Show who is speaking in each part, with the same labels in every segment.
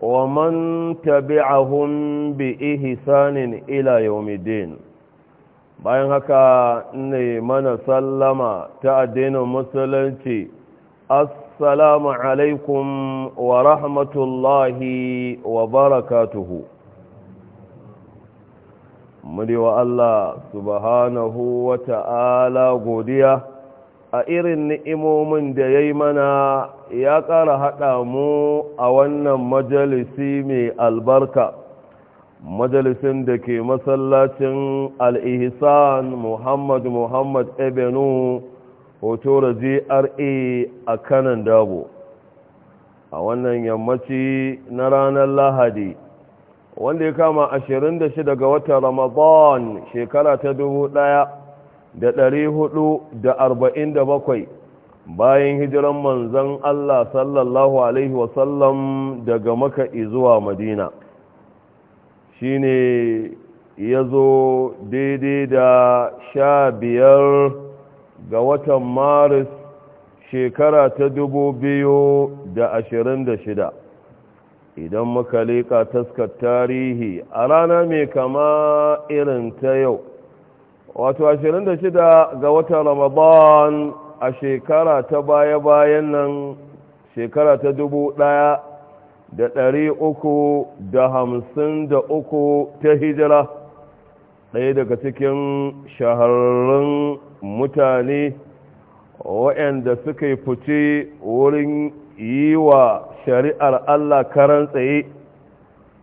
Speaker 1: ومن تبعهم بإحسان إلى يوم الدين bayan haka ne mana sallama ta addinin musulunci assalamu alaikum wa rahmatullahi wa barakatuhu muri Allah subhanahu wa ta'ala godiya a irin ni'imomin da ya yi mana ya ƙara haɗa mu a wannan majalisi mai albarka majalisin da ke masallacin al'ihisan muhammad muhammad ebenu hoto da GRA a kanan dabo a wannan yammaci na ranar lahadi wanda ya kama 26 ga watan ramadan shekara ta 1447 bayan hijiran manzan Allah sallallahu Alaihi wasallam daga maka zuwa madina shi ne ya zo daidai da sha biyar ga watan maris shekara ta dubu biyu da ashirin da shida idan muka leƙa taskar tarihi a rana mai kama irin ta yau wato ashirin da shida ga watan ramadan a shekara ta baya-bayan nan shekara ta dubu ɗaya da ɗari uku da hamsin da uku ta hijira ɗaya daga cikin shahararrun mutane waɗanda suka yi fice wurin yi wa shari'ar Allah karan tsaye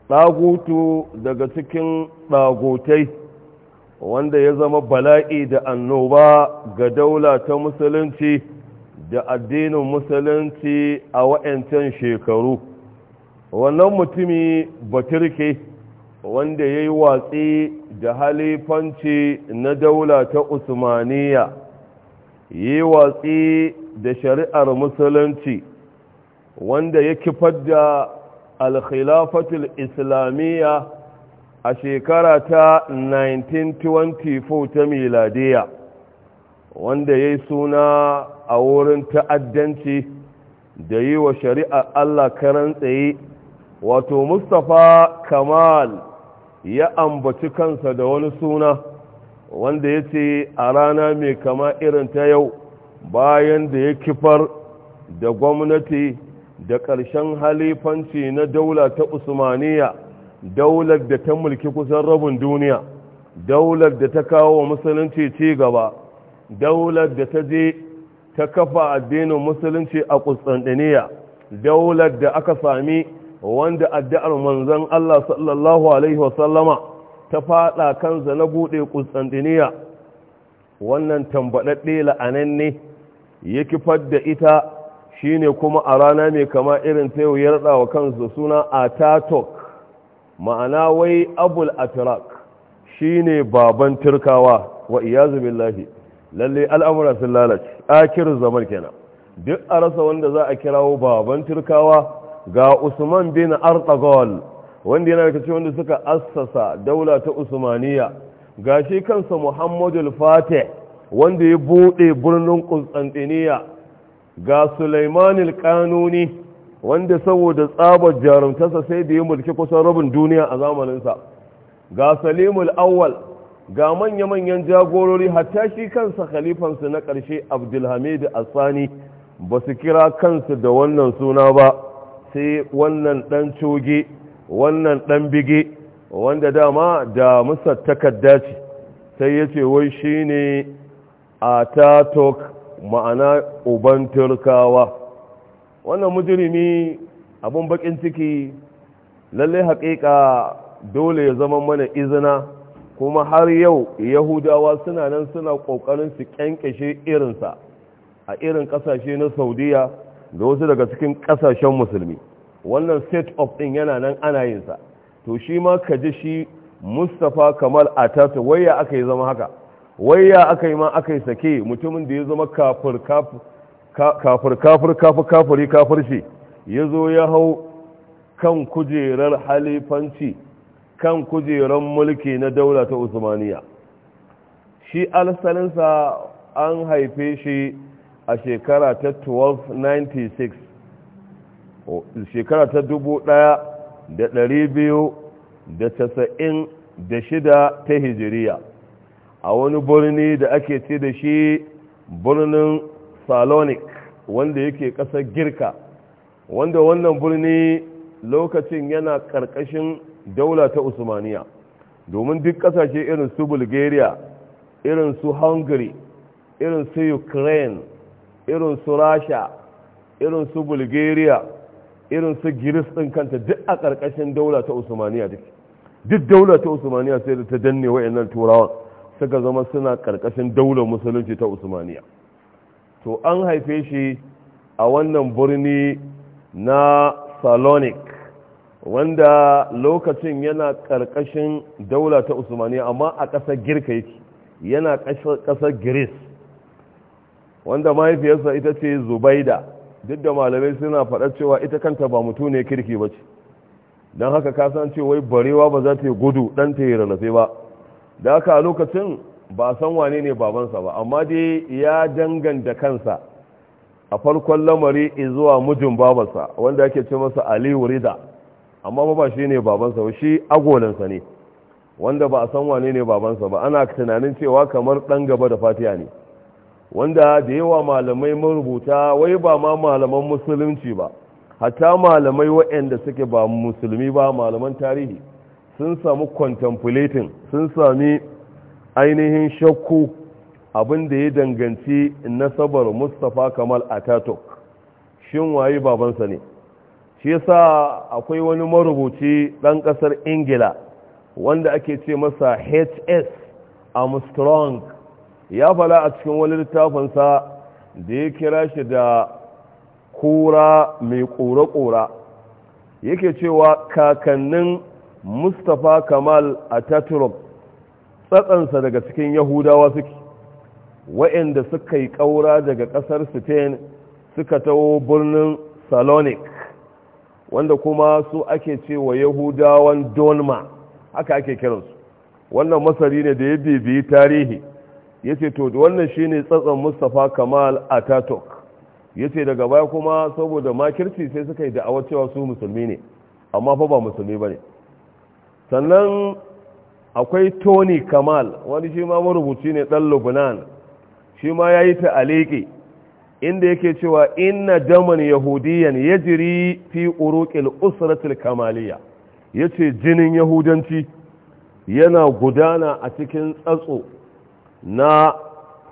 Speaker 1: ɗagutu daga cikin ɗagutai wanda ya zama bala'i da annoba ga daula ta musulunci da addinin musulunci a wayancan shekaru wannan mutumi baturke wanda ya yi watsi da halifanci na daula ta usmaniya yi watsi da shari'ar musulunci wanda ya kifar da alkhilafatul islamiyya a shekara ta 1924 ta miladiya wanda ya suna a wurin ta'addanci da yi wa shari'ar Allah karan tsaye wato mustapha kamal ya ambaci kansa da wani suna wanda ya ce a rana mai kama irin ta yau bayan da ya kifar da gwamnati da ƙarshen halifanci na daula ta usmaniya daular da ta mulki kusan rabin duniya daular da ta kawo wa musulunci ci gaba daular da ta je ta kafa addinin musulunci a kustantiniya daular da aka sami wanda addu'ar manzon Allah sallallahu alaihi wasallama ta fada kan zana bude kustantiniya wannan tambadadde la'ananne ya yake da ita shine kuma a rana mai kama irin ta yau ya rada wa kansa suna atatok ma'ana wai abul atrak shine baban turkawa wa iyazu billahi lalle al'amura sun lalace akirin zaman kenan duk a rasa wanda za a kirawo baban turkawa ga usman bin artagol wanda yana daga wanda suka assasa daula ta usmaniya ga shi kansa muhammadu fatih wanda ya buɗe birnin ƙunstantiniya ga sulaimanil kanuni wanda saboda tsabar jarumtarsa sai da ya mulki kusan rabin duniya a zamaninsa ga salimul awwal ga manya-manyan jagorori hatta shi kansa khalifansu na ƙarshe abdulhamid asani ba su kira kansu da wannan suna ba sai wannan ɗan coge wannan ɗan bige wanda dama da musa takarda ce sai ya ce wai shi ne a tok ma'ana uban turkawa wannan mujirimi abun bakin ciki lalle haƙiƙa dole ya zama mana izina kuma har yau yahudawa suna nan suna ƙoƙarin su ƙyanƙyashe irinsa a irin ƙasashe na saudiya da wasu daga cikin ƙasashen musulmi wannan set of ɗin yana nan ana yinsa to shi ma ka ji shi mustapha kamal wai waya aka yi zama haka waya aka yi ma aka yi sake mutumin da ya zama kafir kafir kafir kafir kafir kafiri shi ya zo ya hau kan kujerar halifanci kan kujerar mulki na daula ta usmaniya shi alsalinsa an haife shi a shekara ta 1296 shekara ta shida ta hijiriya a wani birni da ake ce da shi birnin salonic wanda yake ƙasar girka wanda wannan birni lokacin yana ƙarƙashin daula ta usmaniya domin duk ƙasashe irin su bulgaria irin su hungary irin su ukraine irin su rasha irin su bulgaria irin su giris din kanta duk a ƙarƙashin daula ta usmaniya duk duk daula ta usmaniya sai da ta danne wa'annan turawan suka zama suna ƙarƙashin daular musulunci ta usmaniya to an haife shi a wannan birni na Salonic wanda lokacin yana ƙarƙashin daula ta usmaniya amma a ƙasar girka yake yana ƙasar greece wanda mahaifiyarsa ita ce zubaida duk da malamai suna faɗa cewa ita kanta ba mutu ne kirki ba ce don haka kasan ce wai barewa ba za ta yi gudu ɗanta ta yi rarrafe ba da haka a lokacin ba san wane ne babansa ba amma dai ya danganta kansa a farkon lamari zuwa mijin babansa wanda ake ce masa aliyu wurida amma ba ba shi ne babansa ba shi agolansa ne wanda ba a san wane ne babansa ba ana tunanin cewa kamar dan gaba da fatiya ne wanda da yawa malamai marubuta wai ba ma malaman musulunci ba hatta malamai waɗanda suke ba musulmi ba malaman tarihi sun samu contemplating sun sami ainihin shakku abin da ya danganci nasabar mustapha kamal atatok shin waye babansa ne shi yasa akwai wani marubuci ɗan ƙasar ingila wanda ake ce masa hs armstrong ya fala a cikin wani littafinsa da ya kira shi da kura mai ƙura-ƙura yake cewa kakannin mustapha kamal atatok tsatsansa daga cikin yahudawa suke wa'inda suka yi ƙaura daga ƙasar spain suka taho birnin salonik wanda kuma su ake cewa yahudawan donma haka ake kiransu wannan masari ne da ya bibiyi tarihi ya ce to wannan shine tsatsan mustapha kamal ataturk ya ce daga baya kuma saboda makirci sai suka yi da'awar cewa su musulmi ne amma fa ba musulmi ba ne sannan akwai tony kamal wani shi ma marubuci ne ɗan lubnan shi ma ya ta aliki inda yake cewa inna daman yahudiyan ya jiri fi uruƙil usratul kamaliya ya ce jinin yahudanci yana gudana a cikin tsatso na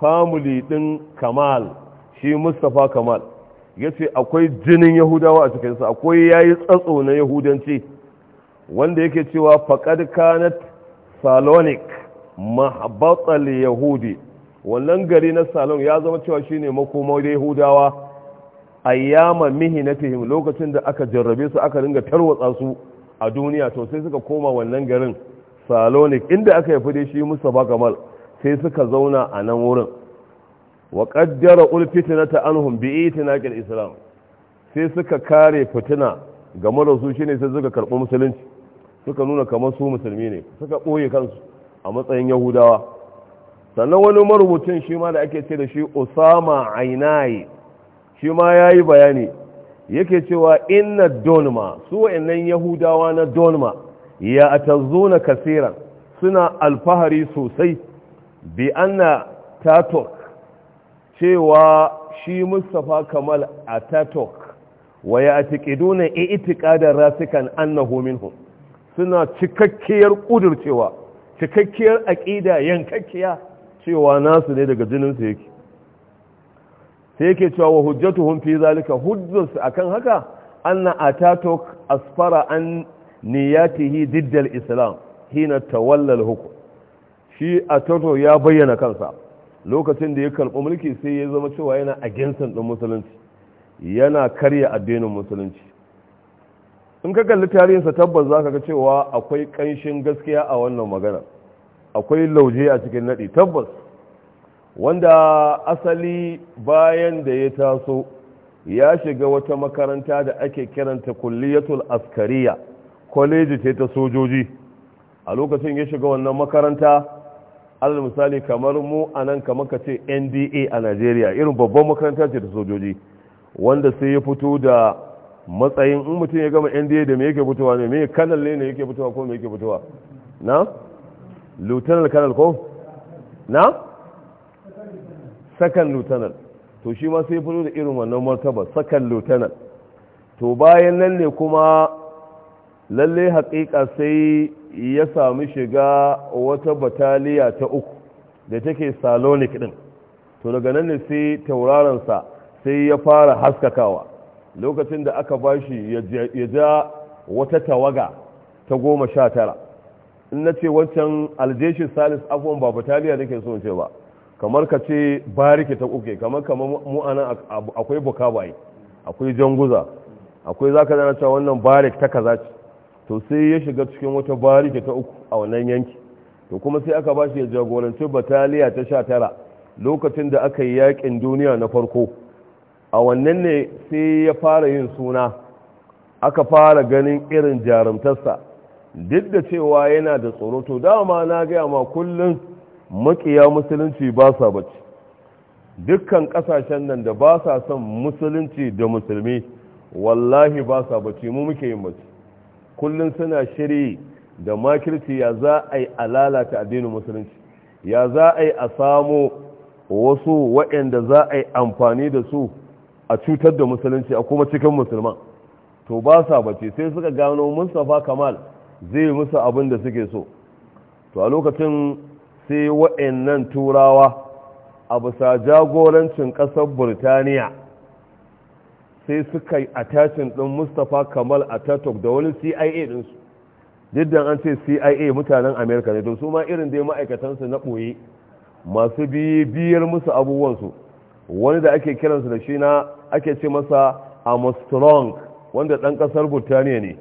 Speaker 1: famuli ɗin kamal shi mustapha kamal ya ce akwai jinin yahudawa a cikinsa akwai yayi tsatso na yahudanci wanda yake cewa faƙad kanat salonic mahabbatar yahudi wannan gari na salon ya zama cewa shine makomar yahudawa ayyama mihinatihim lokacin da aka jarrabe su aka ringa tarwatsa su a duniya to sai suka koma wannan garin salonic inda aka yafi dai shi musa bagamal sai suka zauna a nan wurin wa qaddara ul fitnata anhum bi islam sai suka kare fitina ga da shine sai suka karbi musulunci suka nuna kamar su musulmi ne suka ɓoye kansu a matsayin yahudawa sannan wani marubucin shi ma da ake ce da shi osama ainihi shi ma ya yi bayani yake cewa inna donma su wa'annan yahudawa na donma ya na kasira suna alfahari sosai bi anna tatok cewa shi mustapha kamal a tatok wa ya i'tiƙa da rasikan annahu suna cikakkiyar ƙudurcewa cikakkiyar aƙida yankakkiya cewa nasu ne daga jininsu yake sai yake cewa wa hun fi zalika hujjarsu kan haka anna atatok asfara an niyatihi diddal islam hina tawallal hukum shi atato ya bayyana kansa lokacin da ya karɓi mulki sai ya zama cewa yana a agensan ɗin musulunci yana karya addinin musulunci in ka kalli tarihinsa tabbas za ka ga cewa akwai ƙanshin gaskiya a wannan magana akwai lauje a cikin naɗi tabbas wanda asali bayan da ya taso ya shiga wata makaranta da ake kiranta kulliyatul askariya kwaleji ce ta sojoji a lokacin ya shiga wannan makaranta alal misali kamar mu a nan kamar ka ce nda a nigeria irin babban makaranta ce ta sojoji wanda sai ya fito da matsayin in mutum ya gama nda da me yake fitowa ne me kanal ne ne yake fitowa ko me yake fitowa na lieutenant kanal ko na sakan lieutenant to shi ma sai fito da irin wannan martaba sakan lieutenant to bayan nan ne kuma lalle haƙiƙa sai ya sami shiga wata bataliya ta uku da take salonic din to daga nan ne sai tauraron sa sai ya fara haskakawa lokacin da aka ba shi ya ja wata tawaga ta goma sha tara in na ce wancan aljeshin salis abuwan ba bataliya nake son ce ba kamar ka ce bariki ta uke kamar kamar mu'ana akwai bukabaye akwai janguza akwai za ka zana cewa wannan barik ta kaza ce to sai ya shiga cikin wata bariki ta uku a wannan yanki to kuma sai aka ba shi ya jagoranci bataliya ta sha tara lokacin da aka yi yakin duniya na farko a wannan ne sai ya fara yin suna aka fara ganin irin jarumtarsa duk da cewa yana da tsoro dama na gaya ma kullum makiya musulunci ba sa bacci dukkan kasashen nan da ba sa son musulunci da musulmi wallahi ba sa bacci mu muke yin bacci kullum suna shiri da makirci ya za a yi alalata addinin musulunci ya za a yi a samo wasu waɗanda za a yi amfani da su a cutar da musulunci a kuma cikin musulman to ba sa bace sai suka gano mustapha kamal zai musu abin da suke so to a lokacin sai wa'annan turawa a bisa jagorancin kasar burtaniya sai suka yi attachin ɗin mustapha kamal a tatok da wani cia ɗinsu diddan an ce cia mutanen amerika ne don su ma irin dai ma'aikatansu na ɓoye masu biyar musu abubuwansu wani da ake kiransa da shi na ake ce masa armstrong wanda ɗan ƙasar burtaniya ne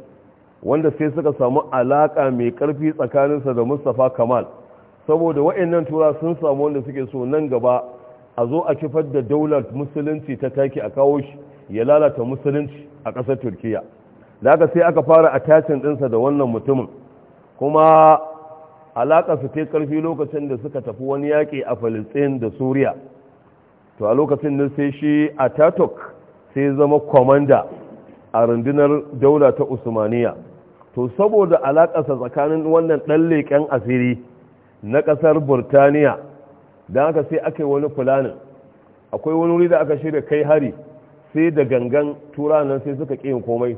Speaker 1: wanda sai suka samu alaƙa mai ƙarfi tsakaninsa da mustapha kamal saboda wa'annan tura sun samu wanda suke so nan gaba a zo a kifar da daular musulunci ta taki a kawo shi ya lalata musulunci a ƙasar turkiya da aka sai aka fara attachin ɗinsa da wannan mutumin kuma alaƙarsa ta ƙarfi lokacin da suka tafi wani yaƙi a falistin da suriya to a lokacin da sai shi a tatok sai zama kwamanda a rundunar daula ta usmaniya to saboda alaƙasa tsakanin wannan ɗan leƙen asiri na ƙasar burtaniya don haka sai aka yi wani fulanin akwai wani wuri da aka shirya kai hari sai da gangan turanan sai suka ƙi komai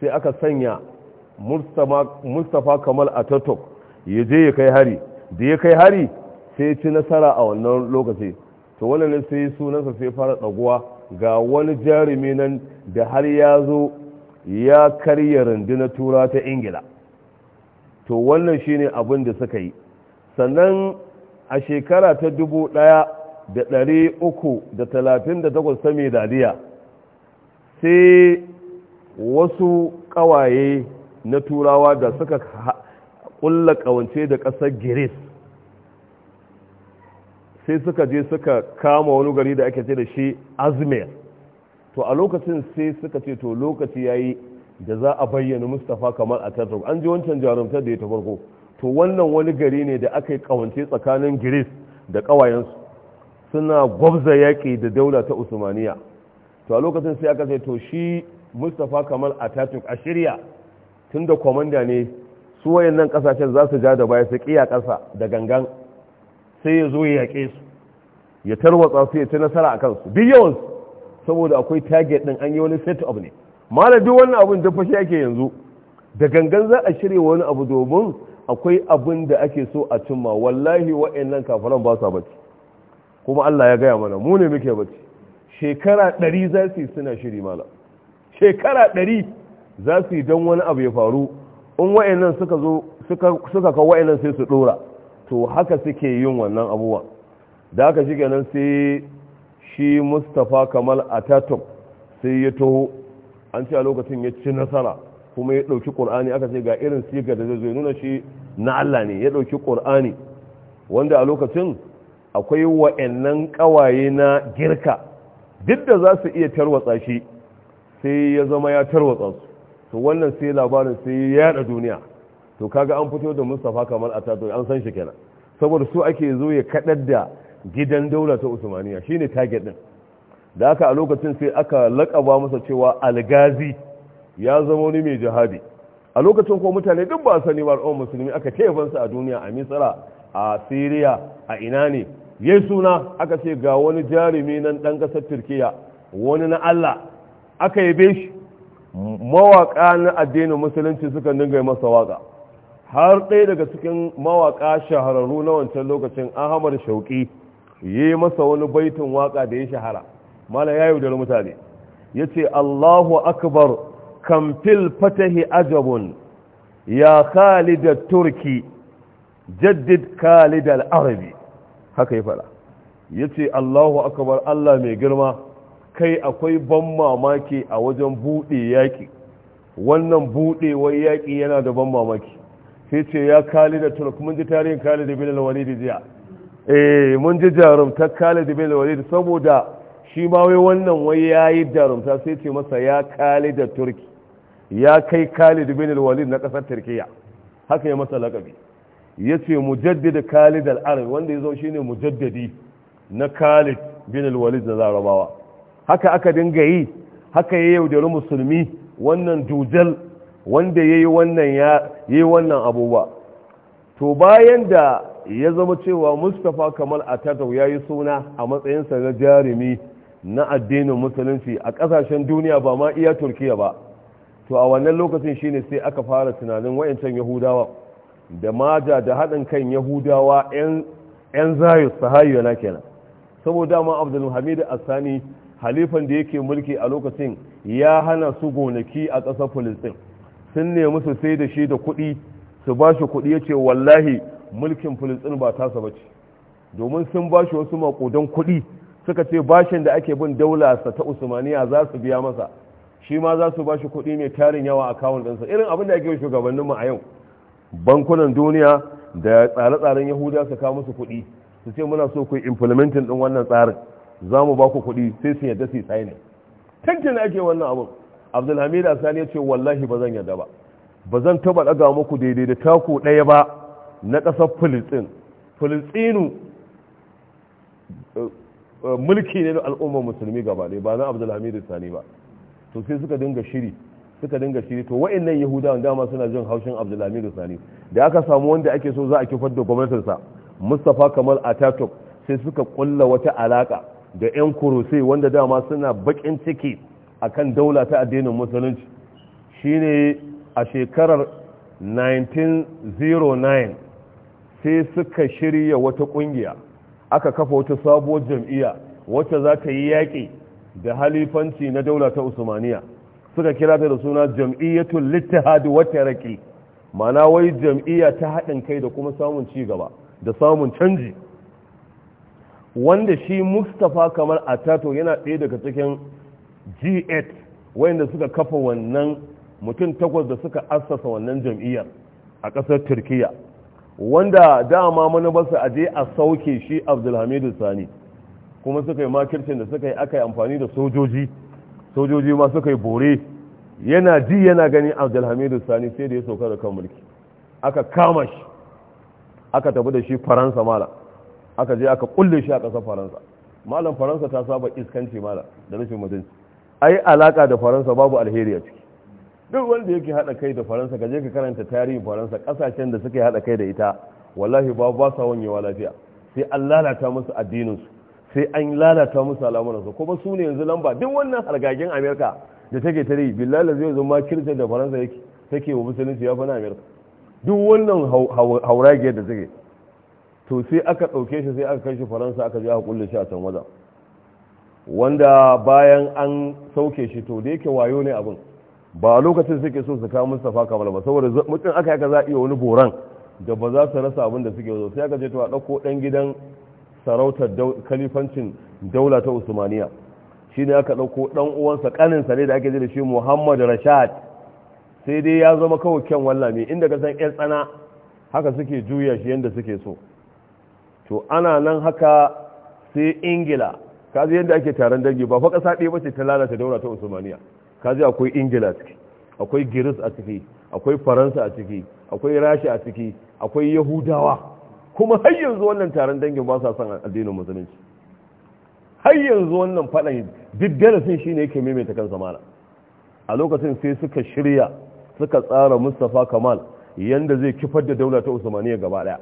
Speaker 1: sai aka sanya mustapha kamal a ataturk ya je ya kai hari da ya kai hari sai ci nasara a wannan lokaci to wannan ne sai sunansa sai fara ɗaguwa ga wani jarumi nan da har ya zo ya karya runduna tura ta ingila to wannan shine abin da suka yi sannan a shekara ta dubu ɗaya da ɗari uku da talatin da takwas ta medaliya sai wasu ƙawaye na turawa da suka ƙulla ƙawance da ƙasar giris sai suka je suka kama wani gari da ake ce da shi azmir to a lokacin sai suka ce to lokaci ya yi da za a bayyana mustafa kamar a tattar an ji wancan jarumtar da ya ta farko to wannan wani gari ne da aka yi kawance tsakanin giris da kawayensu suna gwabza yaƙi da daula ta usmaniya to a lokacin sai aka ce to shi mustafa kamar a atatürk a shirya tunda kwamanda ne su wayannan kasashen za su ja da baya su kiya ƙasa da gangan sai ya zo ya yaƙe su ya tarwatsa su ya ci nasara a kansu duk saboda akwai target ɗin an yi wani set up ne malam duk wannan abin da fashi ake yanzu da gangan za a shirya wani abu domin akwai abin da ake so a cimma wallahi wa'annan kafaran ba sa bacci kuma Allah ya gaya mana mu ne muke bacci shekara ɗari za su yi suna shiri malam shekara ɗari za su yi don wani abu ya faru in wa'annan suka zo suka ka wa'annan sai su ɗora to haka suke yin wannan abubuwan da haka shi kenan sai shi mustapha kamal ataturk sai ya taho an ce a lokacin ya ci nasara kuma ya ɗauki ƙur'ani aka ce ga irin siga da zai nuna shi na Allah ne ya ɗauki ƙur'ani wanda a lokacin akwai wa'annan ƙawaye na girka duk da za su iya tarwatsa shi sai ya zama ya tarwatsa su to wannan sai labarin sai ya yada duniya to kaga an fito da Mustafa Kamal Ataturk an san shi kenan saboda su ake zo ya kadar da gidan daula ta Usmaniya shine target din da aka a lokacin sai aka lakaba masa cewa Algazi ya zama wani mai jihadi a lokacin ko mutane duk ba sani ba al'ummar musulmi aka sa a duniya a Misra a Syria a ina ne yayi suna aka ce ga wani jarumi nan dan kasar Turkiya wani na Allah aka yabe shi mawaka na addinin musulunci suka dinga masa waka har ɗaya daga cikin mawaƙa shahararru na wancan lokacin ahmad shauƙi yi masa wani baitin waƙa da ya shahara mana ya yi mutane ya ce allahu akbar kamfil fatahi ajabun ya khalida turki jaddid khalid al-arabi haka ya fara ya ce allahu akbar allah mai girma kai akwai ban mamaki a wajen buɗe yaƙi wannan buɗewar yaƙi yana da ban mamaki sai ce ya kali da turk mun ji tarihin kali da bin da jiya eh mun ji jarumta kali da bin alwali saboda shi ma wai wannan wai ya yi jarumta sai ce masa ya kali da turki ya kai kali da bin alwali na kasar turkiya haka ya masa lakabi ya ce mujaddid kali da al'arab wanda ya zo shi ne mujaddadi na kali bin walid na zarabawa haka aka dinga yi haka ya yaudari musulmi wannan dujal wanda yayi ya yi wannan abubuwa to bayan da ya zama cewa mustapha Kamal ya yi suna a matsayinsa na jarumi na addinin musulunci a kasashen duniya ba ma iya Turkiya ba to a wannan lokacin shine sai aka fara tunanin wayancan Yahudawa da maja da haɗin kan Yahudawa 'yan zayus hayo na kenan saboda ma abdulhamid asani halifan da yake mulki a lokacin ya hana su gonaki a ƙasar filistin sun nemi su sai da shi da kuɗi su ba shi kuɗi ya ce wallahi mulkin filistin ba tasa ba ce domin sun ba shi wasu makudan kuɗi suka ce bashin da ake bin sa ta usmaniya za su biya masa shi ma za su ba shi kuɗi mai tarin yawa a kawun ɗinsa irin abin da ake shugabanninmu a yau bankunan duniya da tsare-tsaren yahuda su kawo musu kuɗi su ce muna so ku implementing ɗin wannan tsarin za mu ba ku kuɗi sai su yadda su yi tsaye ne da ake wannan abin abdulhamid asani ya ce wallahi ba zan yadda ba ba zan taba daga muku daidai da taku ɗaya ba na ƙasar filistin filistinu eh, eh, mulki ne na al'ummar musulmi gaba ɗaya ba na abdulhamid asani ba to sai suka dinga shiri suka dinga shiri to wa'annan yahudawan dama suna jin haushin abdulhamid asani da aka samu wanda ake so za a kifar da gwamnatinsa mustapha kamal ataturk sai suka ƙulla wata alaka da 'yan kurusai wanda dama suna bakin ciki akan daula ta addinin musulunci shi ne a shekarar 1909 sai suka shirya wata kungiya aka kafa wata sabuwar jam'iyya wacce za ta yi yaƙi da halifanci na daula ta usmaniya suka kira ta da suna jam'iyyatun littahadi wata raƙi mana wai jam'iyya ta haɗin kai da kuma samun ci gaba da samun canji wanda shi mustapha kamar atato yana ɗaya daga cikin g8 wayanda suka kafa wannan mutum takwas da suka assasa wannan jam'iyyar a kasar turkiya wanda dama manubarsa a je a sauke shi abdulhamidu sani kuma suka yi makircin da suka yi aka yi amfani da sojoji sojoji ma suka yi bore yana ji yana gani abdulhamidu sani sai da ya sauka da kan mulki aka kama shi aka tafi da shi faransa mala aka je aka kulle shi a kasar faransa malam faransa ta saba iskanci mala da rashin mutunci ai alaka da faransa babu alheri a ciki duk wanda yake hada kai da faransa ka je ka karanta tarihin faransa kasashen da suke hada kai da ita wallahi ba ba sa wanyewa lafiya sai an lalata musu addinin su sai an lalata musu al'amuran su kuma su ne yanzu lamba duk wannan hargagen amerika da take tare yi billahi zai zama kirce da faransa yake take wa musulunci ya fana amerika duk wannan hauragiyar da take to sai aka ɗauke shi sai aka kai shi faransa aka je aka kulle shi a can wajen wanda bayan an sauke shi to da yake wayo ne abin ba lokacin suke so su kawo mustafa kamar ba saboda mutum aka yaka za iya wani boran da ba za su rasa abin da suke zo sai aka je to a ɗauko ɗan gidan sarautar kalifancin daula ta usmaniya shi ne aka ɗauko ɗan uwansa ƙaninsa ne da ake ji da shi muhammad rashad sai dai ya zama kawai kyan wallami inda ka san ƴan tsana haka suke juya shi yadda suke so to ana nan haka sai ingila ka yadda ake taron dangi ba fa kasa ɗaya bace ta lalata daura ta usmaniya ka akwai ingila ciki akwai giris a ciki akwai faransa a ciki akwai rashi a ciki akwai yahudawa kuma har yanzu wannan taron dangin ba sa son addinin musulunci har yanzu wannan faɗan duk darasin shine yake maimaita kansa mala a lokacin sai suka shirya suka tsara mustafa kamal yanda zai kifar da daula ta usmaniya gaba ɗaya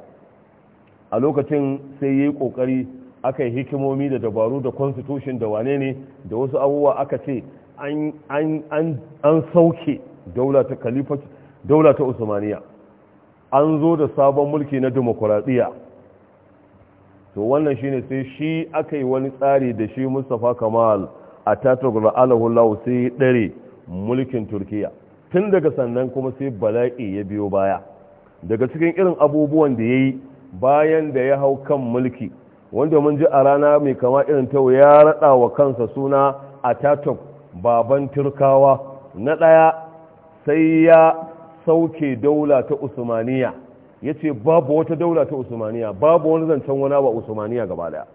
Speaker 1: a lokacin sai yayi kokari aka yi hikimomi da dabaru da constitution da wane ne da wasu abubuwa aka ce an sauke daula ta usmaniya an zo da sabon mulki na demokuraɗiyya to wannan shine sai shi aka yi wani tsari da shi mustapha kamal a tatagula alahulahu sai ɗare mulkin turkiya tun daga sannan kuma sai bala'i ya biyo baya daga cikin irin abubuwan da ya yi bayan da ya hau kan mulki wanda mun ji a rana mai kama irin ta ya raɗa wa kansa suna a tatok baban turkawa na ɗaya sai ya sauke daula ta usmaniya ya ce babu wata daula ta usmaniya babu wani zancen wana ba usmaniya gaba daya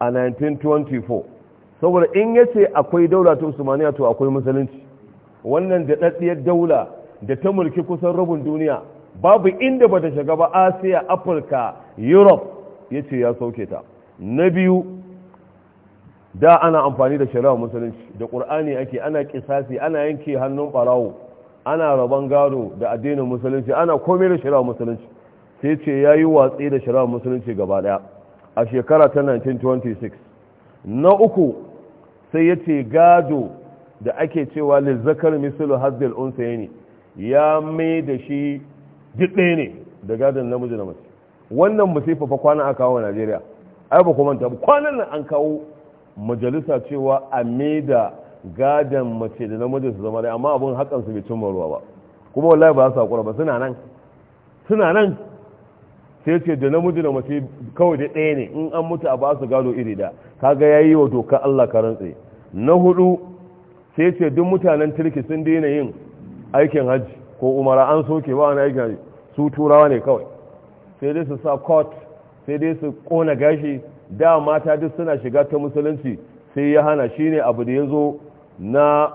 Speaker 1: a 1924 saboda in ya ce akwai daula ta usmaniya to akwai musulunci wannan da ɗaɗɗiyar daula da ta mulki kusan rabin duniya babu inda ba ta shiga ba asiya afirka europe ya ce ya sauke ta na biyu da ana amfani da shari'a musulunci da ƙur'ani ake ana ƙisasi ana yanke hannun ɓarawo ana rabon gado da addinin musulunci ana komai da shari'a musulunci sai ce ya yi watsi da shari'a musulunci gaba ɗaya a shekara ta 1926 na uku sai ya ce gado da ake cewa lizzakar misilu hazdil unsa ya ne ya mai da shi ne da gadon namiji na mace wannan musifa fa kwana aka kawo Najeriya ai ba kuma ta kwanan nan an kawo majalisa cewa a da gadan mace da namiji su zama dai amma abun hakan su bai cimma ruwa ba kuma wallahi ba su hakura ba suna nan suna nan sai ce da namiji da mace kawai da ɗaya ne in an mutu a ba su gado iri da kaga yayi wa doka Allah ka rantse na hudu sai ce duk mutanen turki sun daina yin aikin hajji ko umara an soke ba wani aikin su turawa ne kawai sai dai su sa court sai dai su kona gashi da mata duk suna shiga ta musulunci sai ya hana shine abu da ya zo na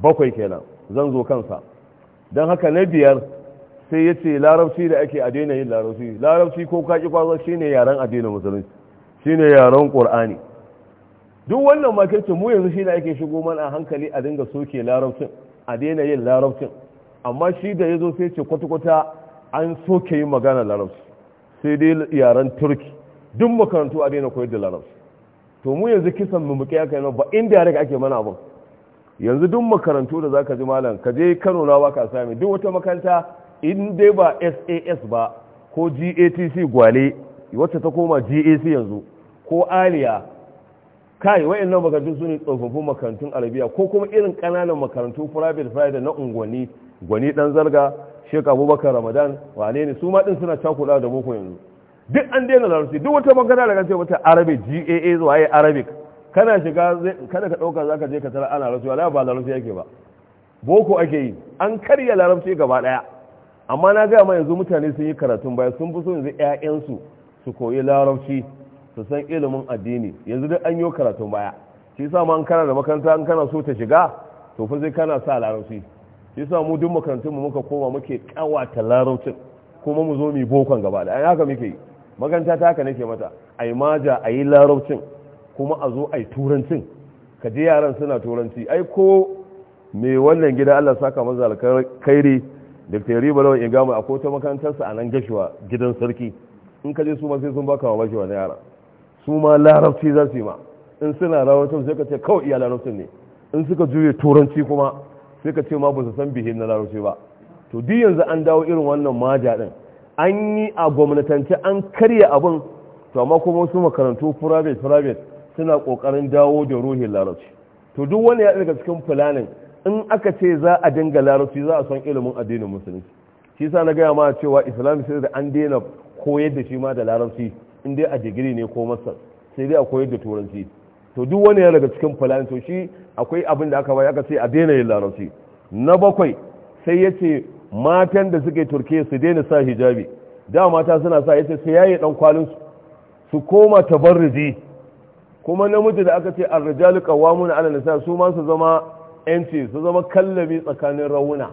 Speaker 1: bakwai kenan zan zo kansa don haka na biyar sai ya ce larabci da ake a yin larabci larabci ko kaki kwazo shine yaren addinin musulunci shine yaren qur'ani duk wannan makircin mu yanzu shi da ake shigo mana a hankali a dinga soke larabcin a daina yin larabcin amma shi da ya zo sai ce kwata-kwata an soke yin magana larabci sai dai yaren turki duk makarantu a daina koyar da larabci to mu yanzu kisan mu muke aka yi ba indirect ake mana abin yanzu duk makarantu da zaka ji malam ka je Kano na waka sami duk wata makaranta in dai ba SAS ba ko GATC gwale wacce ta koma GAC yanzu ko Aliya kai nan makarantu su ne tsofaffin makarantun Arabiya ko kuma irin ƙananan makarantu private private na unguwanni gwani dan zarga Sheikh Abubakar Ramadan wane ne su ma din suna cakula da boko yanzu duk an daina larabci duk wata magana da kace wata Arabic GAA zuwa yi Arabic kana shiga kada ka dauka zaka je ka tara ana larabci wala ba larabci yake ba boko ake yi an karya larabci gaba daya amma na ga ma yanzu mutane sun yi karatun baya sun fi so yanzu ƴaƴansu su koyi larabci su san ilimin addini yanzu duk an yi karatun baya shi yasa ma an kana da makaranta an kana so ta shiga to fa sai kana sa larabci shi sa mu duk makarantun mu muka koma muke kawata larabcin kuma mu zo mu bokon gaba da ai haka muke yi makaranta ta haka nake mata ai maja ai larabcin kuma a zo ai turancin ka je yaran suna turanci ai ko me wannan gida Allah saka maza alkhairi Dr. Riba Lawan Igamu akwai ta makarantarsa a nan gashuwa gidan sarki in ka je su ma sai sun baka mamaki wani yara su ma larabci za su yi ma in suna larabcin sai ka ce kawai iya larabcin ne in suka juye turanci kuma sai ka ce ma ba su san bihin na larabci ba to duk yanzu an dawo irin wannan maja din an yi a gwamnatance an karya abin to amma kuma wasu makarantu private private suna kokarin dawo da ruhin larabci to duk wani ya daga cikin planning in aka ce za a dinga larabci za a san ilimin addinin musulunci shi yasa na gaya ma cewa islamic sai da an daina koyar da shi ma da larabci in dai a digiri ne ko masar sai dai a koyar da turanci to duk wani yana daga cikin fulani to shi akwai abin da aka bayar aka ce a daina yin larabci na bakwai sai ya ce matan da suke turke su daina sa hijabi da mata suna sa ya ce su yayi dan kwalin su su koma tabarruji kuma namiji da aka ce ar-rijalu qawwamuna 'ala nisa su ma su zama yanci su zama kallabi tsakanin rauna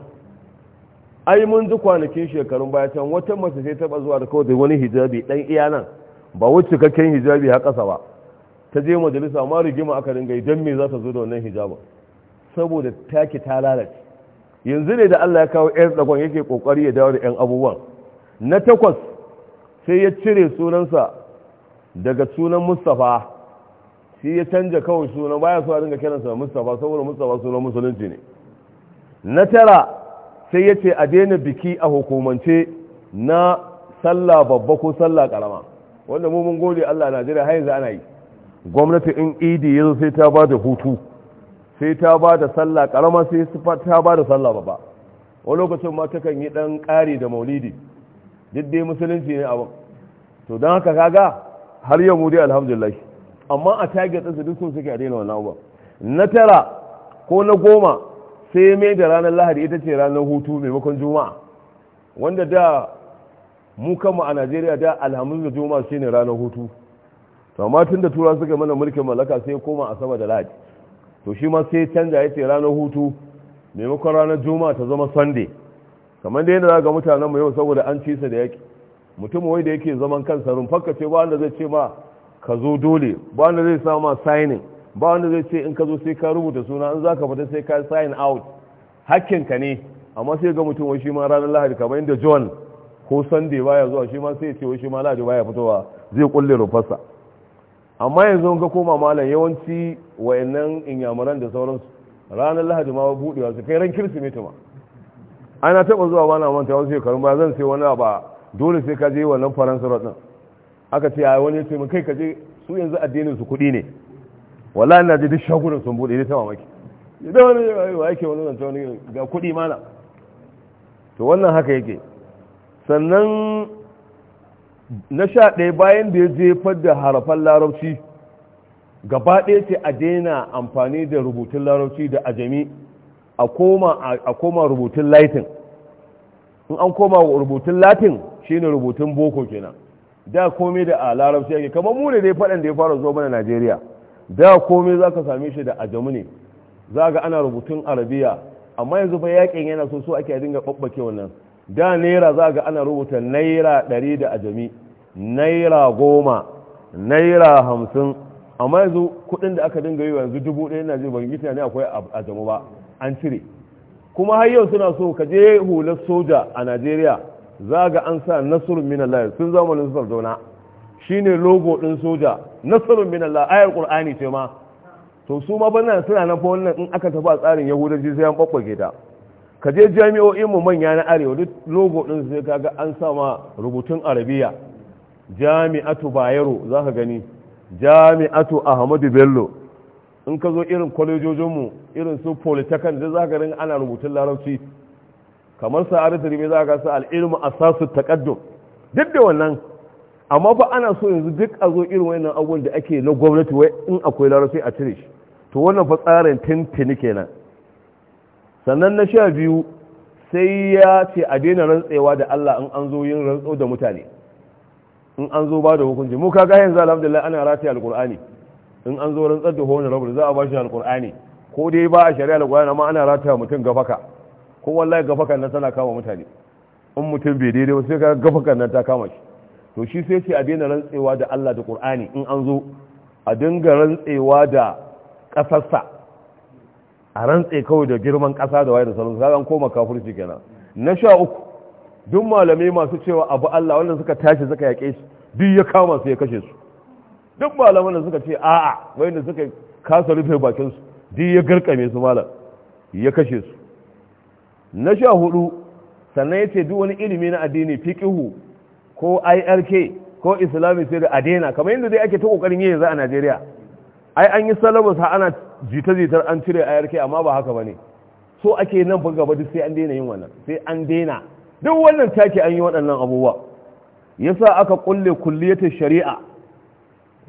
Speaker 1: ai mun ji kwanakin shekarun baya can wata mace sai taba zuwa da kawai wani hijabi dan iya ba wuce kakken hijabi ha kasa ba ta je majalisa amma rigima aka ringa yi don me za ta zo da wannan hijaba saboda taki ta lalace yanzu ne da Allah ya kawo yan tsagon yake kokari ya dawo da yan abubuwan na takwas sai ya cire sunansa daga sunan Mustafa sai ya canja kawai sunan baya so a ringa kiransa Mustafa saboda Mustafa sunan musulunci ne na tara sai ya ce a daina biki a hukumance na sallah babba ko sallah karama wanda mu mun gode Allah Najeriya har yanzu ana yi gwamnati in idi ya sai ta ba da hutu sai ta ba da sallah karama sai ta ba da sallah ba ba wani lokacin ma takan yi dan ƙari da maulidi duk dai musulunci ne abin to don haka kaga har yau mudi alhamdulillah amma a tagi ɗinsu duk sun suke a daina wannan abin na tara ko na goma sai mai da ranar lahadi ita ce ranar hutu maimakon juma'a wanda da mu kama a najeriya da alhamdulillah juma'a shine ranar hutu to tun da tura suka mana mulkin mallaka sai koma a sama da lahadi to shi ma sai canja ya ce ranar hutu maimakon ranar juma'a ta zama sunday kamar da yadda ga mutanen mu yau saboda an ci sa da yake mutum wai da yake zaman kansa fakka ce ba wanda zai ce ma ka zo dole ba wanda zai sa ma signing ba wanda zai ce in ka zo sai ka rubuta suna in zaka fita sai ka sign out hakkinka ne amma sai ga mutum wai shi ma ranar lahadi kamar inda john ko sunday baya zuwa shi ma sai ya ce wai shi ma lahadi baya fitowa zai kulle rufarsa amma yanzu ka koma malam yawanci wayannan inyamuran da sauransu ranar lahadi ma buɗewa su kai ran kirsimeti ma ana taɓa zuwa ba na manta wasu shekarun ba zan sai wani ba dole sai ka je wannan faransa rot aka ce a wani ce kai ka je su yanzu addinin su kuɗi ne wala ina je duk shagunan sun buɗe ne ta mamaki idan wani wa yake wani zance wani ga kuɗi mana to wannan haka yake sannan na sha ɗaya bayan da ya jefar da harafan larabci gaba ɗaya ce a daina amfani da rubutun larabci da ajami a koma rubutun latin in an koma rubutun latin shine rubutun boko kenan da komai da a larabci yake kamar mu ne dai faɗan da ya fara zo mana najeriya da komai za ka same shi da ajamu ne za ga ana rubutun arabiya amma yanzu fa yakin yana so so ake dinga ɓaɓɓake wannan da naira za ga ana rubuta naira ɗari da ajami naira goma naira hamsin amma yanzu kuɗin da aka dinga yi yanzu dubu ɗaya na ji ban yi tunani akwai ajamu ba an cire kuma har yau suna so ka je hular soja a najeriya za ga an sa nasarun minallah sun zama zamanin sardauna shine logo ɗin soja nasarun minallah ayar ƙur'ani ce ma to su ma bana suna na fa wannan in aka tafi a tsarin yahudanci sai an ɓaɓɓake ta ka je jami'o'in mu manya na arewa duk logo din sai kaga an sama rubutun arabiya jami'atu bayero za ka gani jami'atu ahmadu bello in ka zo irin kwalejojinmu irin su politakan da za ka ringa ana rubutun larabci kamar sa'adar tarbe za ka sa al'ilmu asasu takaddun duk da wannan amma fa ana so yanzu duk a zo irin wannan abubuwan da ake na gwamnati wai in akwai larabci a cire shi to wannan fa tsarin tintini kenan sannan na sha biyu sai ya ce a daina rantsewa da Allah in an zo yin rantso da mutane in an zo ba da hukunci mu kaga yanzu alhamdulillah ana rataya alqur'ani in an zo rantsar da hona rabu za a ba shi alqur'ani ko dai ba a shari'a alqur'ani amma ana rataya mutum gafaka ko wallahi gafakan nan tana kama mutane in mutum bai daidai ba sai ka gafakan nan ta kama shi to shi sai ce a daina rantsewa da Allah da qur'ani in an zo a dinga rantsewa da kasarsa a rantse kawai da girman ƙasa da waye da sauransu kaga an koma kafirci kenan na sha uku duk malami masu cewa abu Allah wanda suka tashi suka yake shi duk ya kama su ya kashe su duk malaman da suka ce a'a wanda suka kasa rufe bakin su duk ya garkame su malam ya kashe su na sha hudu sannan ya ce duk wani ilimi na addini fiqhu ko IRK ko islamic sai da adena kamar yadda dai ake ta kokarin yi yanzu a Najeriya ai an yi salabus ana jita-jitar an cire a yarke amma ba haka ba ne so ake nan fa gaba duk sai an daina yin wannan sai an daina duk wannan take an yi waɗannan abubuwa sa aka kulle kulliyatar shari'a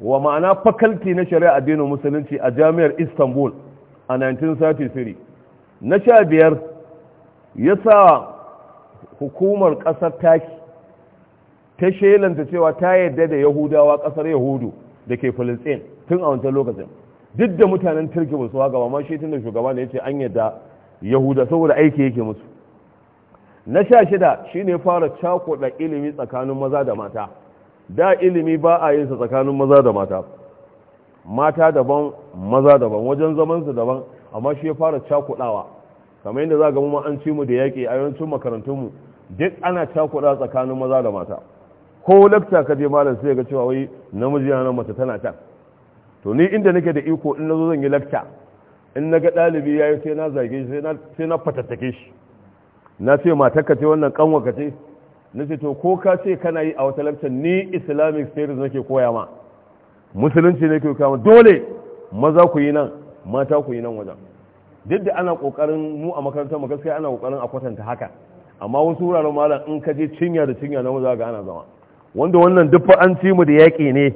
Speaker 1: wa ma'ana fakalti na shari'a addinin musulunci a jami'ar istanbul a 1933 na sha biyar ya yasa hukumar ƙasar taki ta shelanta cewa ta yadda da yahudawa ƙasar yahudu da ke filistin tun a wancan lokacin duk da mutanen turki ba su haka ba shi tun da shugaba ne ya ce an yadda yahuda saboda aiki yake musu na sha shida shi ne fara cakuɗa ilimi tsakanin maza da mata da ilimi ba a yin sa tsakanin maza da mata mata daban maza daban wajen zamansu daban amma shi ya fara cakuɗawa kamar yadda za ga mu an ci mu da yaƙi a yawancin makarantunmu duk ana cakuɗa tsakanin maza da mata ko lakta ka je malam sai ga cewa wai namiji yana mace tana can to ni inda nake da iko in nazo zan yi lakta in na ga ɗalibi ya yi sai na zage shi sai na fatattake shi na ce ka ce wannan kanwa ce na ce to ko ka ce kana yi a wata lakcin ni islamic studies nake koya ma musulunci ne ke kama dole maza ku yi nan mata ku yi nan wajen duk da ana kokarin mu a makarantar mu gaskiya ana kokarin a kwatanta haka amma wasu wuraren malam in ka je cinya da cinya na maza ga ana zama wanda wannan duk an ci mu da yaƙi ne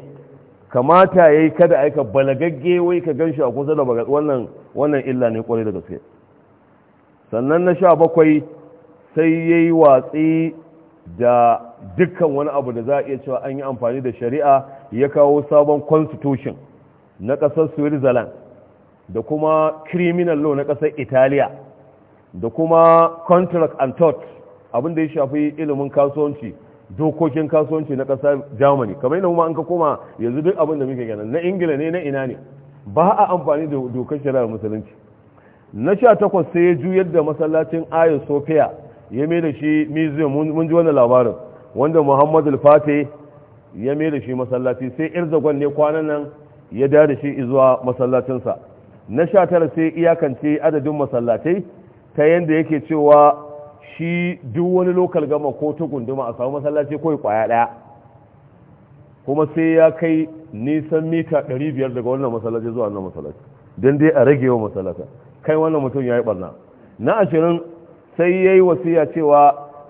Speaker 1: kamata ya yi kada aika balagagge wai ka gan shi a kusa da wannan wannan illa ne kwarai da gaske sannan na sha bakwai sai ya yi watsi da dukkan wani abu da za a iya cewa an yi amfani da shari'a ya kawo sabon constitution na ƙasar switzerland da kuma criminal law na ƙasar italiya da kuma contract and tort abinda ya shafi ilimin kasuwanci dokokin kasuwanci na ƙasar germany kamar yadda kuma an ka koma yanzu duk abin da muke gana na ingila ne na ina ne ba a amfani da dokar shari'ar musulunci na sha takwas sai ya juyar da masallacin ayo sofiya ya mai da shi museum mun ji wannan labarin wanda muhammadu fatih ya mai da shi masallaci sai yar zagon ne kwanan nan ya da da shi zuwa masallacinsa na sha tara sai iyakance adadin masallatai ta yadda yake cewa shi duk wani lokal gama ko ta gunduma a samu masallaci ko kwaya daya kuma sai ya kai nisan mita 500 daga wannan masallaci zuwa wannan masallaci don dai a rage yawan masallaci kai wannan mutum ya yi barna na ashirin sai ya yi wasiya cewa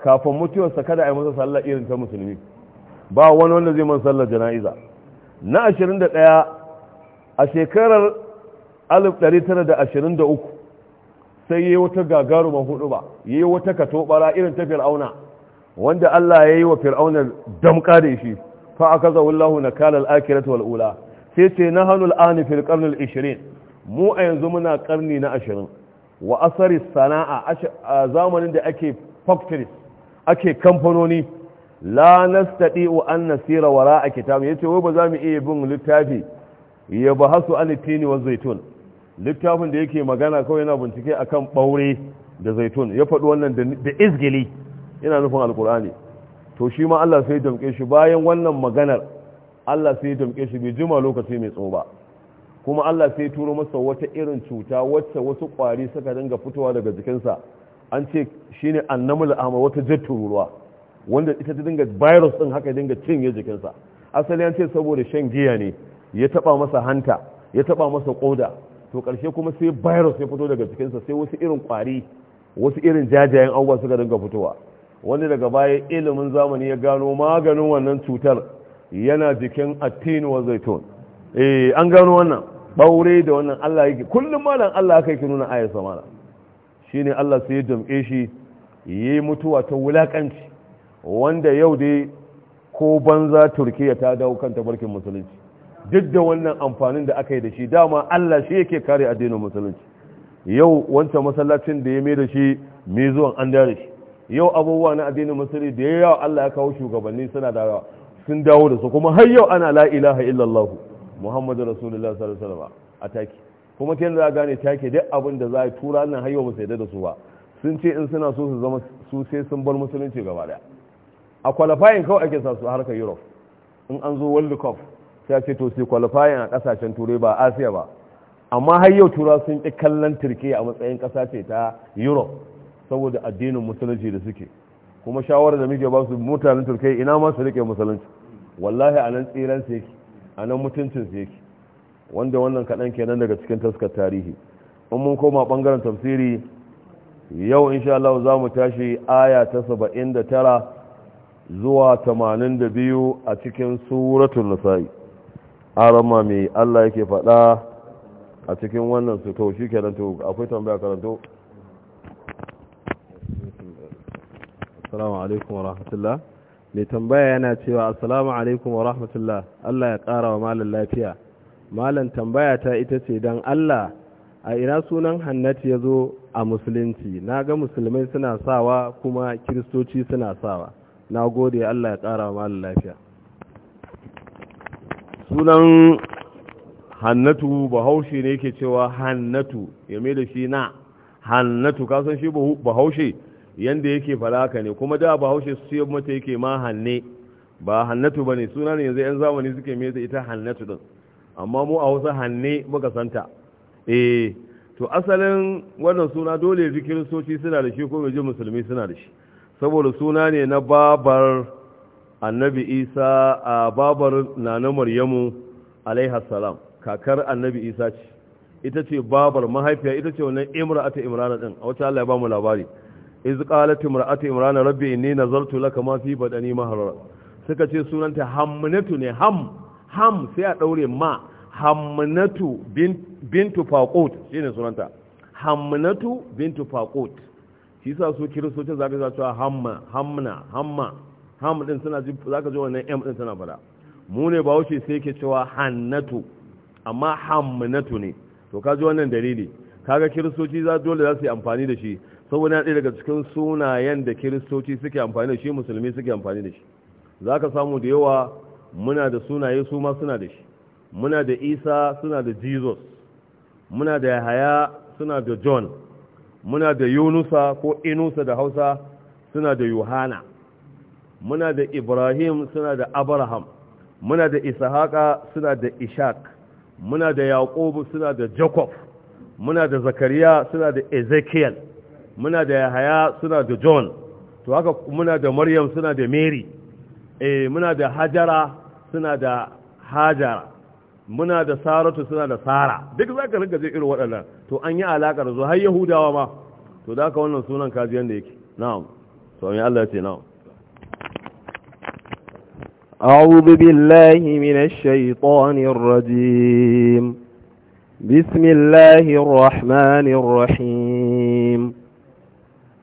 Speaker 1: kafin mutuwarsa kada a yi masa sallah irin ta musulmi ba wani wanda zai man sallar jana'iza na ashirin da ɗaya a shekarar 1923 sai yi wata gagaruman hudu ba yayi wata katobara irin ta fir'auna wanda Allah ya yi wa fir'auna damka da shi fa akazahu Allahu na al-akhirati wal ula sai ce na hannu an fil qarn al mu a yanzu muna karni na ashirin wa asari sana'a a zamanin da ake factories ake kamfanoni la nastati'u an nasira wara'a kitab yace wai ba za mu iya bin littafi ya bahasu an tini wa zaitun littafin da yake magana kawai yana bincike akan ɓaure da zaitun ya faɗi wannan da izgili yana nufin alkur'ani to shi ma Allah sai damƙe shi bayan wannan maganar Allah sai damƙe shi bai jima lokaci mai tsoba kuma Allah sai turo masa wata irin cuta wacce wasu ƙwari suka dinga fitowa daga jikinsa an ce shine annamul ahmar wata ruwa wanda ita ta dinga virus din haka dinga cinye jikinsa asali an ce saboda shan giya ne ya taba masa hanta ya taɓa masa koda to karshe kuma sai virus ya fito daga cikinsa sai wasu irin kwari wasu irin jajayen abubuwa suka dinga fitowa wani daga baya ilimin zamani ya gano maganin wannan cutar yana jikin attin wa zaitun eh an gano wannan baure da wannan Allah yake kullum malam Allah aka ki nuna ayar samana shine Allah sai ya jam'e shi yi mutuwa ta wulakanci wanda yau dai ko banza Turkiya ta dawo kan tabarkin musulunci duk da wannan amfanin da aka yi da shi dama Allah shi yake kare addinin musulunci yau wancan masallacin da ya mai da shi mai zuwan an dare shi yau abubuwa na addinin musulunci da ya yawa Allah ya kawo shugabanni suna da sun dawo da su kuma har yau ana la ilaha illallah muhammadu rasulullahi sallallahu alaihi wasallam a take kuma kin za gane take duk abin da za a tura nan har yau ba da su ba sun ce in suna so su zama su sai sun bar musulunci gaba daya a qualifying kawai ake sa su harkar Europe in an zo World Cup sai ce to sai qualifying a kasashen turai ba asiya ba amma har yau tura sun ki kallon turkiya a matsayin kasa ce ta europe saboda addinin musulunci da suke kuma shawarar da muke ba su mutanen turkiya ina ma su rike musulunci wallahi a nan tsiran su yake a nan mutuncin su yake wanda wannan kaɗan kenan daga cikin taskar tarihi in mun koma ɓangaren tafsiri yau insha Allah za mu tashi aya ta saba'in da tara zuwa tamanin da biyu a cikin suratul nisa'i arama mai Allah yake faɗa a cikin wannan su to shi kenan
Speaker 2: to akwai tambaya karanto assalamu alaikum wa rahmatullah mai tambaya yana cewa assalamu alaikum wa rahmatullah Allah ya ƙara wa malam lafiya malam tambaya ta ita ce don Allah a ina sunan hannatu ya zo a musulunci na ga musulmai suna sawa kuma kiristoci suna sawa na gode Allah ya ƙara wa malam lafiya
Speaker 1: sunan hannatu bahaushe ne yake cewa hannatu ya mai da shi na hannatu kasan shi bahaushe yadda yake falaka ne kuma da bahaushe su yi mata yake ma hanne ba hannatu ba ne suna ne yanzu 'yan zamani suke mai da ita hannatu din amma mu a wasu hanne muka santa eh to asalin wannan suna dole jikin soci suna da shi ko ji musulmi suna da shi saboda suna ne na babar annabi isa a babar nana maryamu alaihassalam kakar annabi isa ce ita ce babar mahaifiya ita ce wannan ta imrana din a wacce Allah ya ba mu labari iz qalat ta imrana rabbi inni nazartu laka ma fi badani mahrara suka ce sunanta hamnatu ne ham ham sai a daure ma hamnatu bintu faqut shine sunanta hamnatu bintu faqut shi yasa su kiristocin zaka za a hamma hamna hamma ham din suna ji za ka ji wannan m din suna fada mu ne ba wuce sai ke cewa hannatu amma hamnatu ne to ka ji wannan dalili kaga kiristoci za dole za su yi amfani da shi saboda ɗaya daga cikin sunayen da kiristoci suke amfani da shi musulmi suke amfani da shi za ka samu da yawa muna da sunaye su ma suna da shi muna da isa suna da jesus muna da yahaya suna da john muna da yunusa ko inusa da hausa suna da yohana muna da ibrahim suna da abraham muna da ishaqa suna da ishaq muna da yaqub suna da jacob muna da zakariya suna da ezekiel muna da yahaya suna da john to haka muna da maryam suna da mary eh muna da hajara suna da hajara muna da saratu suna da sara duk zaka riga je irin waɗannan to an yi alakar zo har yahudawa ma to da haka wannan sunan kaji yanda yake na'am to Allah ya ce na'am
Speaker 2: أعوذ بالله من الشيطان الرجيم بسم الله الرحمن الرحيم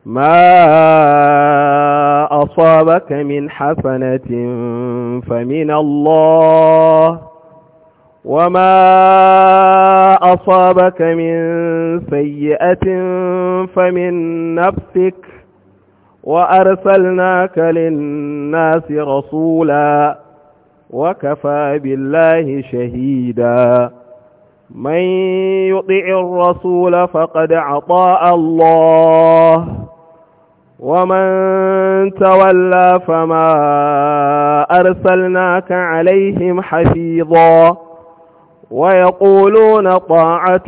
Speaker 2: ما أصابك من حسنة فمن الله وما أصابك من سيئة فمن نفسك وأرسلناك للناس رسولا وكفى بالله شهيدا من يطع الرسول فقد عطاء الله ومن تولى فما أرسلناك عليهم حفيظا ويقولون طاعة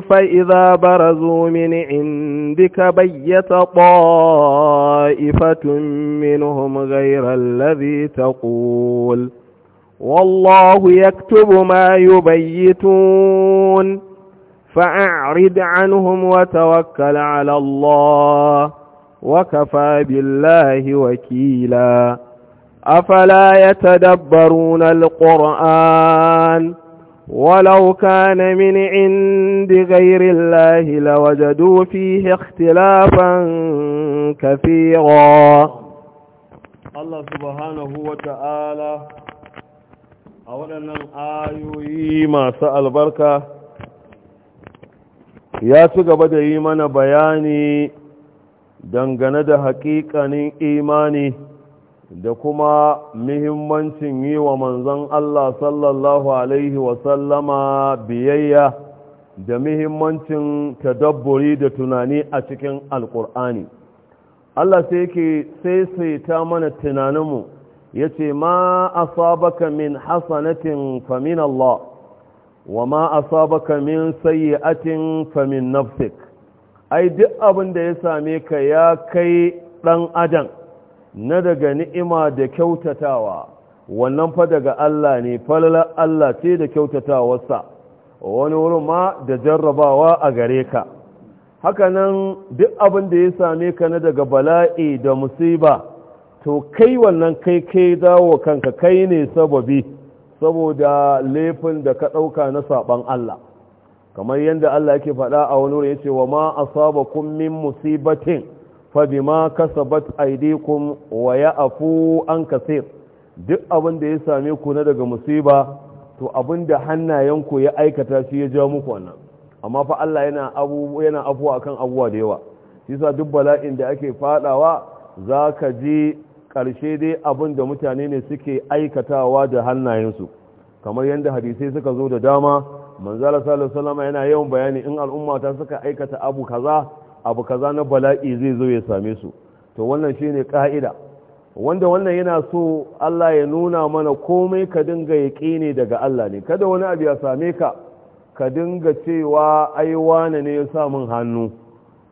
Speaker 2: فإذا برزوا من عندك بيت طائفة منهم غير الذي تقول والله يكتب ما يبيتون فأعرض عنهم وتوكل على الله وكفى بالله وكيلا أفلا يتدبرون القرآن ولو كان من عند غير الله لوجدوا فيه اختلافا كثيرا الله سبحانه وتعالى
Speaker 1: أولاً آيوي ما سأل بركة ya ci gaba da yi mana bayani dangane da haƙiƙanin da kuma muhimmancin yi wa manzon Allah sallallahu alaihi wasallama biyayya da muhimmancin tadabburi da tunani a cikin alkur'ani Allah sai yake ta mana tunaninmu ya ce ma asabaka min hasanatin min Allah wa ma asabaka min sayyi'atin min nafsik ai duk abin da ya same ka ya kai ɗan adam na daga ni'ima da kyautatawa wannan fa daga Allah ne falala Allah ce da kyautatawarsa wani wurin ma da jarrabawa a gare ka Haka nan duk abin da ya same ka na daga bala'i da musiba to kai wannan kai kai dawo kanka kai ne sababi saboda laifin da ka ɗauka na saɓan Allah kamar yadda Allah yake faɗa a wani wurin ya ce wa ma asabakum min musibatin fabima kasabat aidikum wa ya'fu an kaseer duk abin da ya same ku na daga musiba to abin da hannayenku ya aikata shi ya jawo muku wannan amma fa Allah yana abu yana afuwa akan abuwa da yawa shi sa duk bala'in da ake fadawa zaka ji karshe dai abin da mutane ne suke aikatawa da hannayensu kamar yadda hadisai suka zo da dama manzala sallallahu alaihi wasallam yana yawan bayani in al'umma ta suka aikata abu kaza abu kaza na bala'i zai zo ya same su to wannan shine ka'ida wanda wannan yana so Allah ya nuna mana komai ka dinga yaƙini daga Allah ne kada wani abu ya same ka ka dinga cewa ai wane ne ya sa min hannu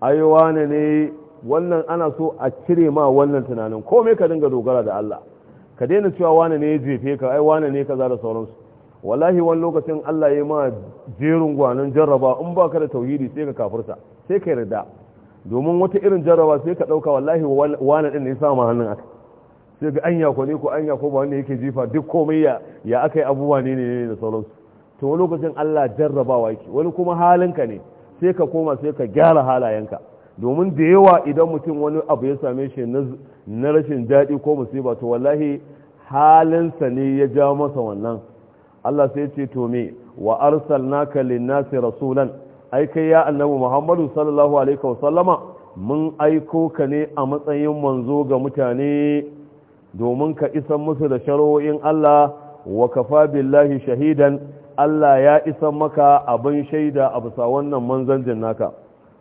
Speaker 1: ai wane ne wannan ana so a cire ma wannan tunanin komai ka dinga dogara da Allah ka daina cewa wane ne ya jefe ka ai wane ne kaza da sauransu wallahi wani lokacin Allah ya ma jerin gwanin jarraba in baka da tauhidi sai ka kafirta sai ka yarda domin wata irin jarraba sai ka ɗauka wallahi wani ɗin ne ya samu hannun aka sai ga anya ko ne ko anya ko ba wanda yake jifa duk komai ya ya aka yi abubuwa ne ne da sauransu to wani lokacin Allah jarrabawa yake wani kuma halinka ne sai ka koma sai ka gyara halayenka domin da yawa idan mutum wani abu ya same shi na rashin daɗi ko musiba to wallahi halinsa ne ya ja masa wannan Allah sai ce to me wa arsalnaka linnasi rasulan ai kai ya annabi muhammadu sallallahu alaihi wasallama mun aiko ka ne a matsayin manzo ga mutane domin ka isa musu da shari'o'in Allah wa kafa billahi shahidan Allah ya isa maka abin shaida a bisa wannan manzancin naka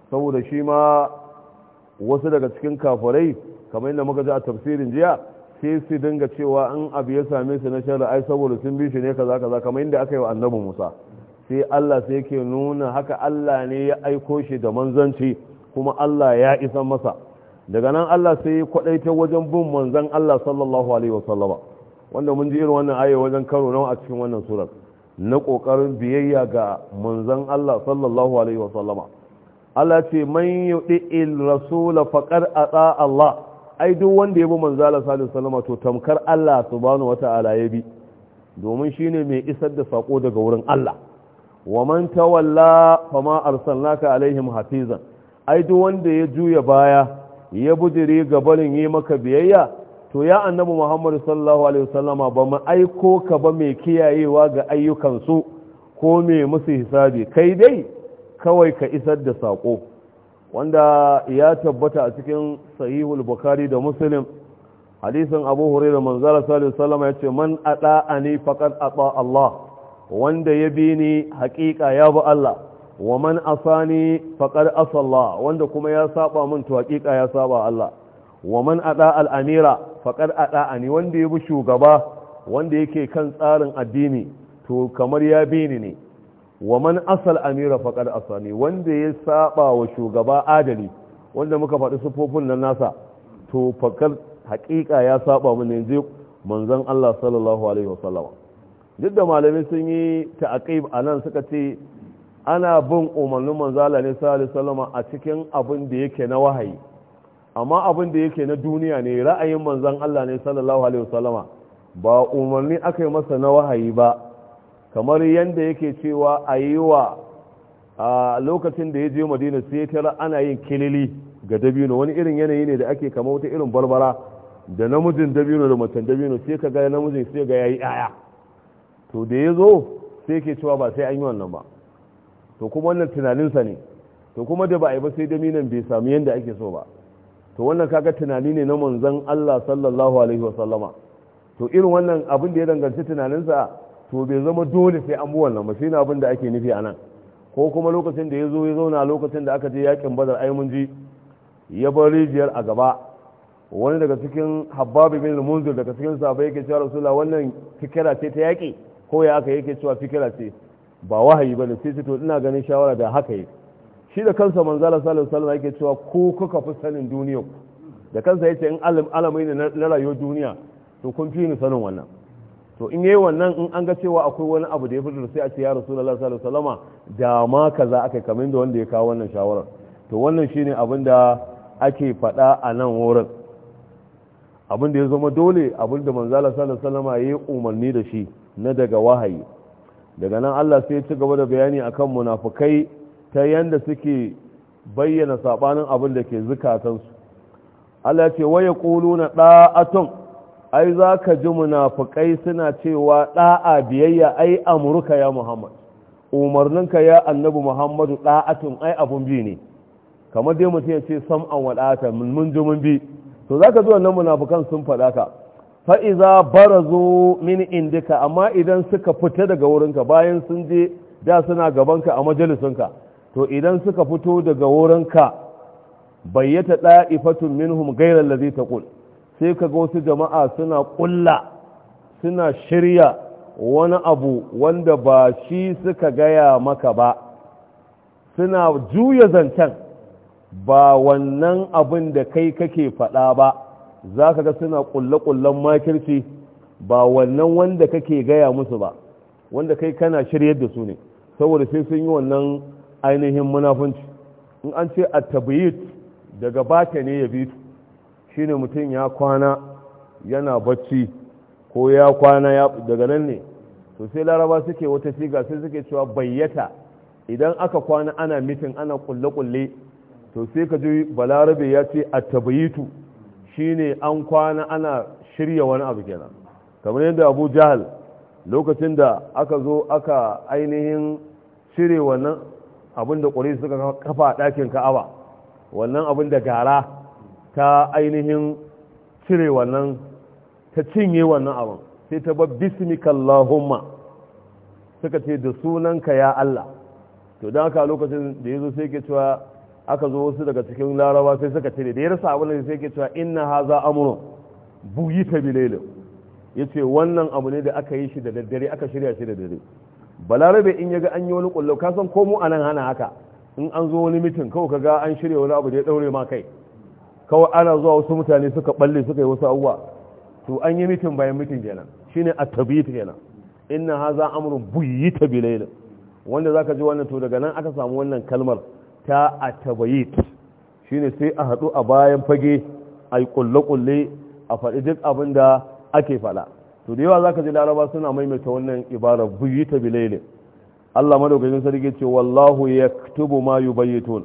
Speaker 1: saboda shi ma wasu daga cikin kafirai kamar yadda muka ji a tafsirin jiya sai su dinga cewa in abu ya same su na shari'a ai saboda sun bi shi ne kaza kaza kamar yadda aka yi wa annabi Musa sai Allah sai yake nuna haka Allah ne ya aiko shi da manzanci kuma Allah ya isa masa daga nan Allah sai ya kwadaita wajen bin manzan Allah sallallahu alaihi wasallama wanda mun ji irin wannan aya wajen karo nawa a cikin wannan surar na kokarin biyayya ga manzan Allah sallallahu alaihi wasallama Allah ce man il rasul faqad ata Allah ai duk wanda ya bi manzo Allah sallallahu alaihi wasallama to tamkar Allah subhanahu wataala ya bi domin shine mai isar da sako daga wurin Allah wa man tawalla fama arsalnaka alaihim hafizan ai duk wanda ya juya baya ya bujire ga barin yi maka biyayya to ya annabi Muhammad sallallahu alaihi wasallama ba mu aiko ka ba mai kiyayewa ga ayyukan su ko mai musu hisabi kai dai kawai ka isar da sako wanda ya tabbata a cikin sahihul bukhari da muslim hadisin abu hurairah manzala sallallahu alaihi wasallama yace man ata'ani faqad ata Allah wanda ya bi ni haƙiƙa ya bi Allah wa man asani faqad asalla wanda kuma ya saba min to haƙiƙa ya saba Allah wa man ada al amira faqad ada ani wanda ya bi shugaba wanda yake kan tsarin addini to kamar ya bi ni ne wa man asal amira faqad asani wanda ya saba wa shugaba adali wanda muka faɗi sufofin nan nasa to faqad haƙiƙa ya saba min yanzu manzon Allah sallallahu alaihi wasallam duk da malamai sun yi ta'aqib anan suka ce ana bin umarnin manzala ne sallallahu alaihi a cikin abin da yake na wahayi amma abin da yake na duniya ne ra'ayin manzon Allah ne sallallahu alaihi wasallam ba umarni aka yi masa na wahayi ba kamar yanda yake cewa a yi wa a lokacin da ya je madina sai ya tara ana yin kilili ga dabino wani irin yanayi ne da ake kama wata irin barbara da namijin dabino da macen dabino sai ka ga namijin sai ga yayi yaya to da ya zo sai ke cewa ba sai an yi wannan ba to kuma wannan tunaninsa ne to kuma da ba a yi ba sai minan bai samu yadda ake so ba to wannan kaga tunani ne na manzan Allah sallallahu alaihi wasallama to irin wannan abin da ya danganci tunaninsa to bai zama dole sai an buwan wannan ba shine abin da ake nufi a nan ko kuma lokacin da ya zo ya zauna lokacin da aka je yakin badar ai mun ji ya bar rijiyar a gaba wani daga cikin habbabi bin munzir daga cikin sahabbai yake cewa rasulullah wannan fikira ce ta yaki ko ya aka yake cewa fikira ce ba wahayi bane sai ce to ina ganin shawara da haka yi shi da kansa manzala sallallahu alaihi wasallam yake cewa ko kuka fi sanin duniya da kansa yace in alim alamai ne na rayuwar duniya to kun fi ni sanin wannan to in yayi wannan in an ga cewa akwai wani abu da ya fito sai a ce ya rasulullahi sallallahu alaihi salama da ma kaza aka kamar da wanda ya kawo wannan shawarar to wannan shine abin da ake faɗa a nan wurin abin da ya zama dole abin da manzala sallallahu alaihi wasallama yayi umarni da shi na daga wahayi daga nan Allah sai ya ci gaba da bayani akan munafukai ta yanda suke bayyana sabanin abin da ke zukatansu Allah ce waya na da'atun ai za ka ji munafukai suna cewa da'a biyayya ai amurka ya Muhammad umarninka ya annabi Muhammadu da'atun ai abun bi ne kamar dai mutum ya ce sam'an wa da'atan mun ji mun bi to za ka ji wannan munafukan sun faɗa ka fa'iza barazo min indika amma idan suka fita daga wurinka bayan sun je da suna gabanka a ka to idan suka fito daga wurinka bayyata ɗa'ifatun minhum gairar da zai sai ka wasu jama'a suna ƙulla suna shirya wani abu wanda ba shi suka gaya maka ba suna juya zancen ba wannan abin da kai kake faɗa ba za ka ga suna kulle makirci ba wannan wanda kake gaya musu ba wanda kai kana shiryar da su ne saboda sai sun yi wannan ainihin munafunci in an ce a tabiit daga bata ne ya bitu ne mutum ya kwana yana bacci ko ya kwana daga nan ne to sai laraba suke wata siga sai suke cewa bayyata idan aka kwana ana mitin ana kulle-kulle to sai ka ji balarabe ya ce a tabiitu shine an kwana ana shirya wani abu kenan kamar yadda abu jahal lokacin da aka zo aka ainihin shirye wannan abin da ƙuri suka kafa ɗakin ka'aba wannan abin da gara ta ainihin cire wannan ta cinye wannan abin sai ta ba bismikallahumma suka ce da sunanka ya Allah to don haka lokacin da ya zo sai ke cewa aka zo wasu daga cikin laraba sai suka cire da ya rasa abin da sai ke cewa inna haza ta buyita ya yace wannan abu ne da aka yi shi da daddare aka shirya shi da dare balarabe in yaga an yi wani kullu ka san ko anan hana haka in an zo wani mitin kawai kaga an shirya wani abu da ya daure ma kai kawai ana zuwa wasu mutane suka balle suka yi wasu abubuwa to an yi mitin bayan mitin kenan shine at-tabiyyit kenan inna haza amrun ta bilayl wanda zaka ji wannan to daga nan aka samu wannan kalmar ta a shi ne sai a haɗu a bayan fage a yi ƙulle-ƙulle a faɗi duk abin da ake faɗa to da yawa za ka ji laraba suna maimaita wannan ibara buyi ta bilele allah madaukakin sarki ce wallahu ya tubu ma yi bayyatun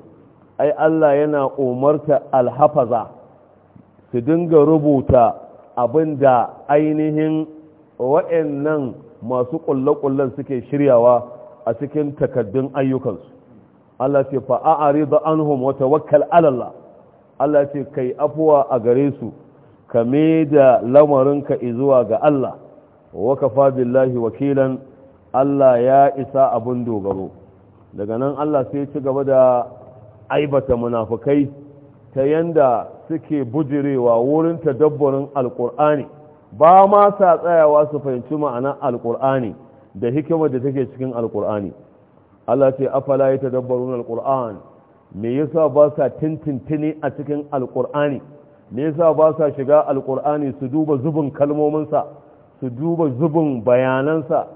Speaker 1: ai allah yana umarta alhafaza su dinga rubuta abin da ainihin wa'annan masu ƙulle-ƙullen suke shiryawa a cikin takaddun ayyukansu Allah ce fa a'ridu anhum wa tawakkal ala Allah Allah ce kai afuwa a gare su ka da lamarinka zuwa ga Allah wa kafa billahi wakilan Allah ya isa abun dogaro daga nan Allah sai ci gaba da aibata munafukai ta yanda suke bujirewa wurin dabbarin alkur'ani ba ma sa tsayawa su fahimci ma'anar alkur'ani da hikimar da take cikin alkur'ani Allah ce afala ya tadabbarun alquran me yasa ba sa tintintini a cikin alqurani me yasa ba sa shiga alqurani su duba zubin kalmominsa su duba zubin bayanansa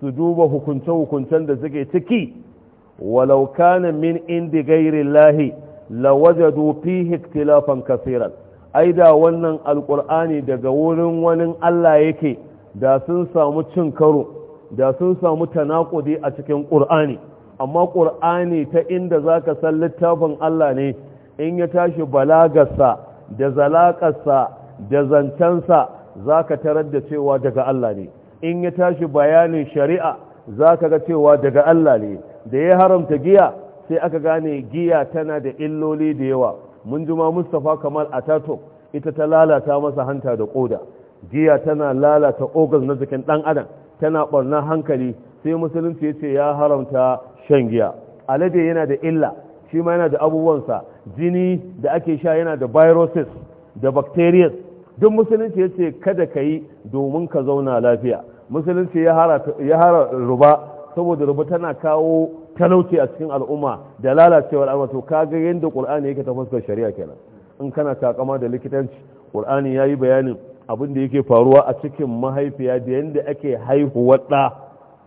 Speaker 1: su duba hukunce-hukuncen da suke ciki walau kana min indi gairi lahi lawajadu fihi ikhtilafan kaseeran ai da wannan alqur'ani daga wurin wani Allah yake da sun samu cin karo da sun samu tanakudi a cikin qur'ani amma ƙur'ani ta inda za ka san littafin Allah ne in ya tashi balagarsa da zalaƙarsa da zancensa za ka tarar da cewa daga Allah ne in ya tashi bayanin shari'a za ka ga cewa daga Allah ne da ya haramta giya sai aka gane giya tana da illoli da yawa mun juma mustapha kamal atato ita ta lalata masa hanta da ƙoda giya tana lalata ogas na jikin ɗan adam tana ɓarnar hankali sai musulunci ya ce ya haramta shan giya alade yana da illa shi ma yana da abubuwansa jini da ake sha yana da viruses da bacterias duk musulunci ya ce kada ka yi domin ka zauna lafiya musulunci ya hara ruba saboda ruba tana kawo talauci a cikin al'umma da lalacewar al'umma to kaga yadda qur'ani yake ta shari'a kenan in kana takama da likitanci qur'ani yayi bayanin abin da yake faruwa a cikin mahaifiya da yadda ake haihuwa ɗa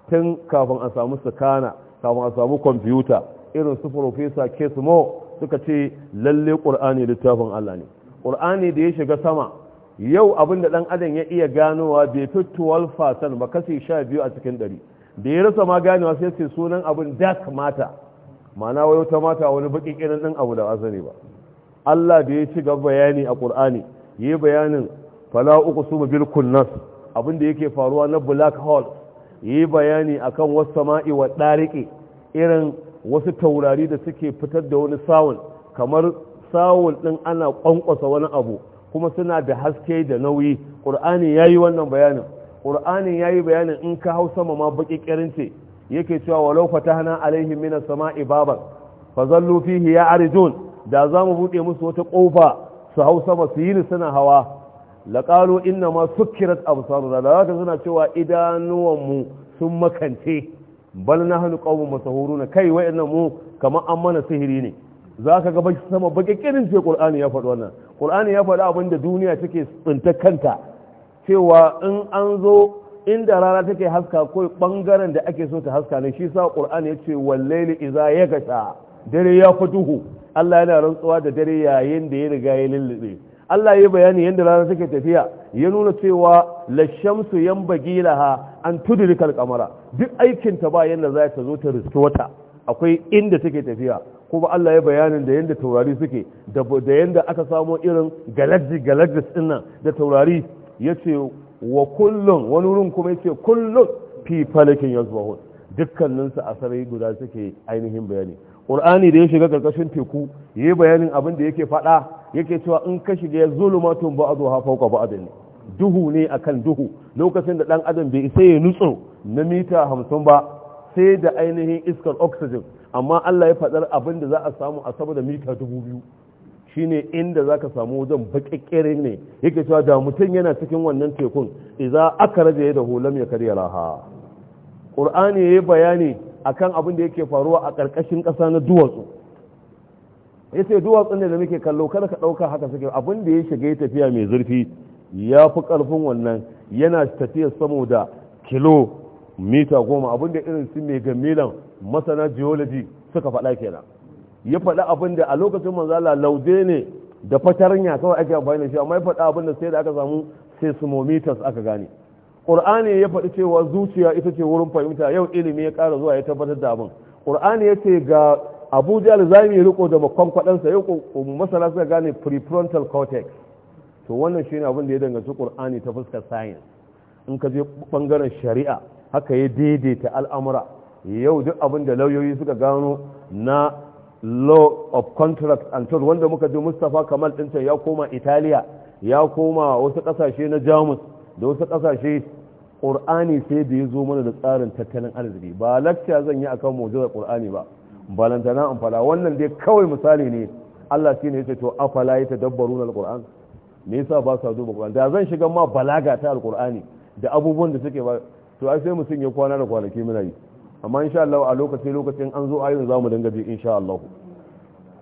Speaker 1: tun kafin a samu sakana kama a samu kwamfuta irin su profesa kesmo suka ce lalle ƙur'ani littafin allah ne ƙur'ani da ya shiga sama yau abin da ɗan adam ya iya ganowa bai fi 12% ba kasi biyu a cikin ɗari da ya rasa ma ganewa sai ce sunan abin dark mata mana wayo ta mata wani baƙin irin ɗin abu da asali ba Allah da ya ci gaba bayani a ƙur'ani ya yi bayanin fala uku su bil kunnas abin da yake faruwa na black holes yi bayani akan wasu sama'i wa ɗariƙe irin wasu taurari da suke fitar da wani sawun kamar sawun ɗin ana ƙwanƙwasa wani abu kuma suna da haske da nauyi ƙur'ani ya yi wannan bayanin ƙur'ani ya yi bayanin in ka hau sama ma baƙi ƙirince yake cewa walau hana alaihi mina sama'i baban fa zallu fihi ya arijun da za mu buɗe musu wata ƙofa su hau sama su yi suna hawa laƙalo inna ma sukkirat absaruna da ka suna cewa idanuwanmu sun makance bal hannu masahuru masahuruna kai wa'annan mu kamar an mana sihiri ne zaka ga baki sama baki kirin ce ƙul'ani ya faɗi wannan ƙul'ani ya faɗi abin da duniya take tsinta kanta cewa in an zo inda rana take haska ko ɓangaren da ake so ta haska ne shi sa ƙul'ani ya ce wallaili ya gasa dare ya fi duhu Allah yana rantsuwa da dare yayin da ya riga ya lullube Allah ya bayani yadda rana suke tafiya ya nuna cewa la shamsu yanbaghi laha an tudrika al duk aikin ta ba yadda za ta zo ta riski wata akwai inda take tafiya kuma Allah ya bayanin da yadda taurari suke da yadda aka samo irin galaxy galaxies dinnan da taurari ya ce wa kullum wani wurin kuma ya ce kullum fi falakin yazbahun dukkaninsu a sarai guda suke ainihin bayani ƙur'ani da ya shiga ƙarƙashin teku ya yi bayanin abin da yake faɗa yake cewa in ka shiga zulumatun ba'dha fawqa ba'dhin duhu ne akan duhu lokacin da ɗan adam bai isa ya nutso na mita hamsin ba sai da ainihin iskar oxygen amma Allah ya faɗar abin da za a samu a saboda mita dubu biyu shine inda zaka samu wajen baƙaƙƙere ne yake cewa da mutum yana cikin wannan tekun idan aka raje da hulam ya karya laha qur'ani yi bayani akan abin da yake faruwa a ƙarƙashin ƙasa na duwatsu ya ce duwatsun ne da muke kallo kada ka ɗauka haka suke abin da ya shiga tafiya mai zurfi ya fi ƙarfin wannan yana tafiya da kilo mita goma abin da irin su mai gamilan masana geology suka faɗa kenan ya faɗa abin da a lokacin manzala laude ne da fatarnya kawai ake amfani da shi amma ya faɗa abin da sai da aka samu seismometers aka gane ƙur'ani ya faɗi cewa zuciya ita ce wurin fahimta yau ilimi ya ƙara zuwa ya tabbatar da abin ƙur'ani ya ce ga abuja jihar za mu yi riko da makon yau ya masana suka gane prefrontal cortex to wannan shi ne abin da ya danganci kur'ani ta fuskar science in ka je ɓangaren shari'a haka ya daidaita al'amura yau duk abin da lauyoyi suka gano na law of contract and trust wanda muka ji mustapha kamal ɗinta ya koma italiya ya koma wasu ƙasashe na jamus da wasu ƙasashe ƙur'ani sai da ya zo mana da tsarin tattalin arziki ba lakca zan yi akan mujizar ƙur'ani ba balantana in fada wannan dai kawai misali ne Allah shine yace to afala ya tadabbaruna alquran me yasa ba sa duba alquran da zan shiga ma balaga ta alqurani da abubuwan da suke ba to ai sai mutum ya kwana da kwanaki muna yi amma insha Allah a lokaci lokacin an zo za zamu dinga bi insha Allah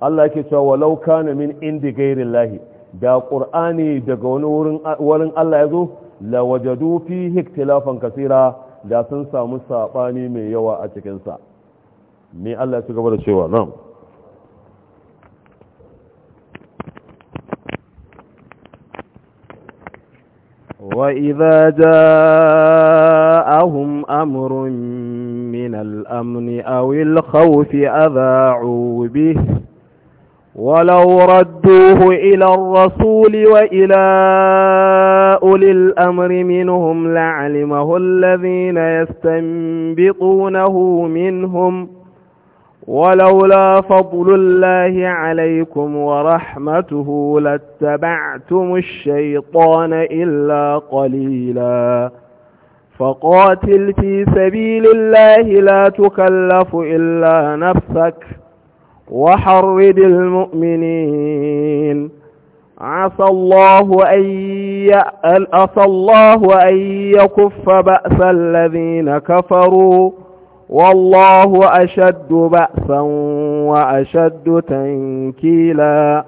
Speaker 1: Allah yake cewa walau kana min indi ghairillahi da qur'ani daga wani wurin wurin Allah yazo la wajadu fihi ikhtilafan kaseera da sun samu sabani mai yawa a cikin sa me Allah ya ci gaba da cewa nan
Speaker 2: وإذا جاءهم أمر من الأمن أو الخوف أذاعوا به ولو ردوه إلى الرسول وإلى أولي الأمر منهم لعلمه الذين يستنبطونه منهم ولولا فضل الله عليكم ورحمته لاتبعتم الشيطان إلا قليلا فقاتل في سبيل الله لا تكلف إلا نفسك وحرد المؤمنين عسى الله أن يأل الله أن يكف بأس الذين كفروا والله أشد بأسا وأشد تنكيلا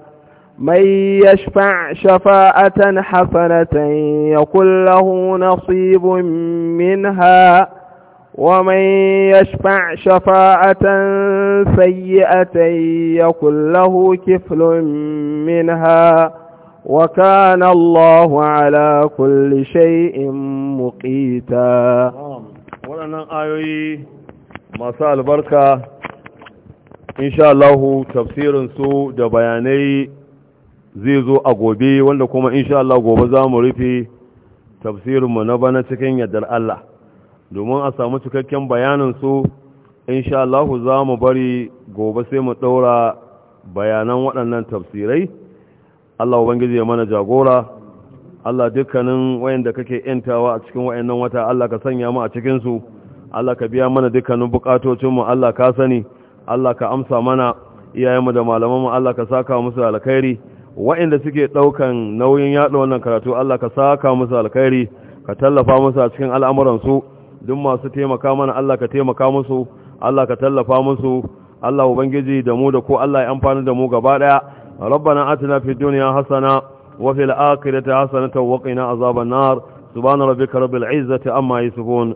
Speaker 2: من يشفع شفاءة حسنة يكن له نصيب منها ومن يشفع شفاءة سيئة يكن له كفل منها وكان الله على كل شيء مقيتا ولنا
Speaker 1: آيوي masu albarka insha Allahu tafsirinsu da bayanai zai zo a gobe wanda kuma insha Allah gobe za mu rufe tafsirinmu na bana cikin yardar Allah domin a samu cikakken bayaninsu insha Allahu za mu bari gobe sai mu ɗaura bayanan waɗannan tafsirai Allah Ubangiji ya mana jagora Allah dukkanin wayanda kake ‘yantawa a cikin wayannan wata Allah ka sanya mu a cikinsu Allah ka biya mana dukkanin bukatocinmu Allah ka sani Allah ka amsa mana iyayenmu da malamanmu Allah ka saka musu alkhairi waɗanda suke ɗaukan nauyin yaɗa wannan karatu Allah ka saka musu alkhairi ka tallafa musu a cikin al'amuransu duk masu taimaka mana Allah ka taimaka musu Allah ka tallafa musu Allah ubangiji da mu da ko Allah ya amfani da mu gaba daya rabbana atina fid dunya hasana wa fil akhirati hasanatan wa qina azaban nar subhana rabbika rabbil izzati amma yasifun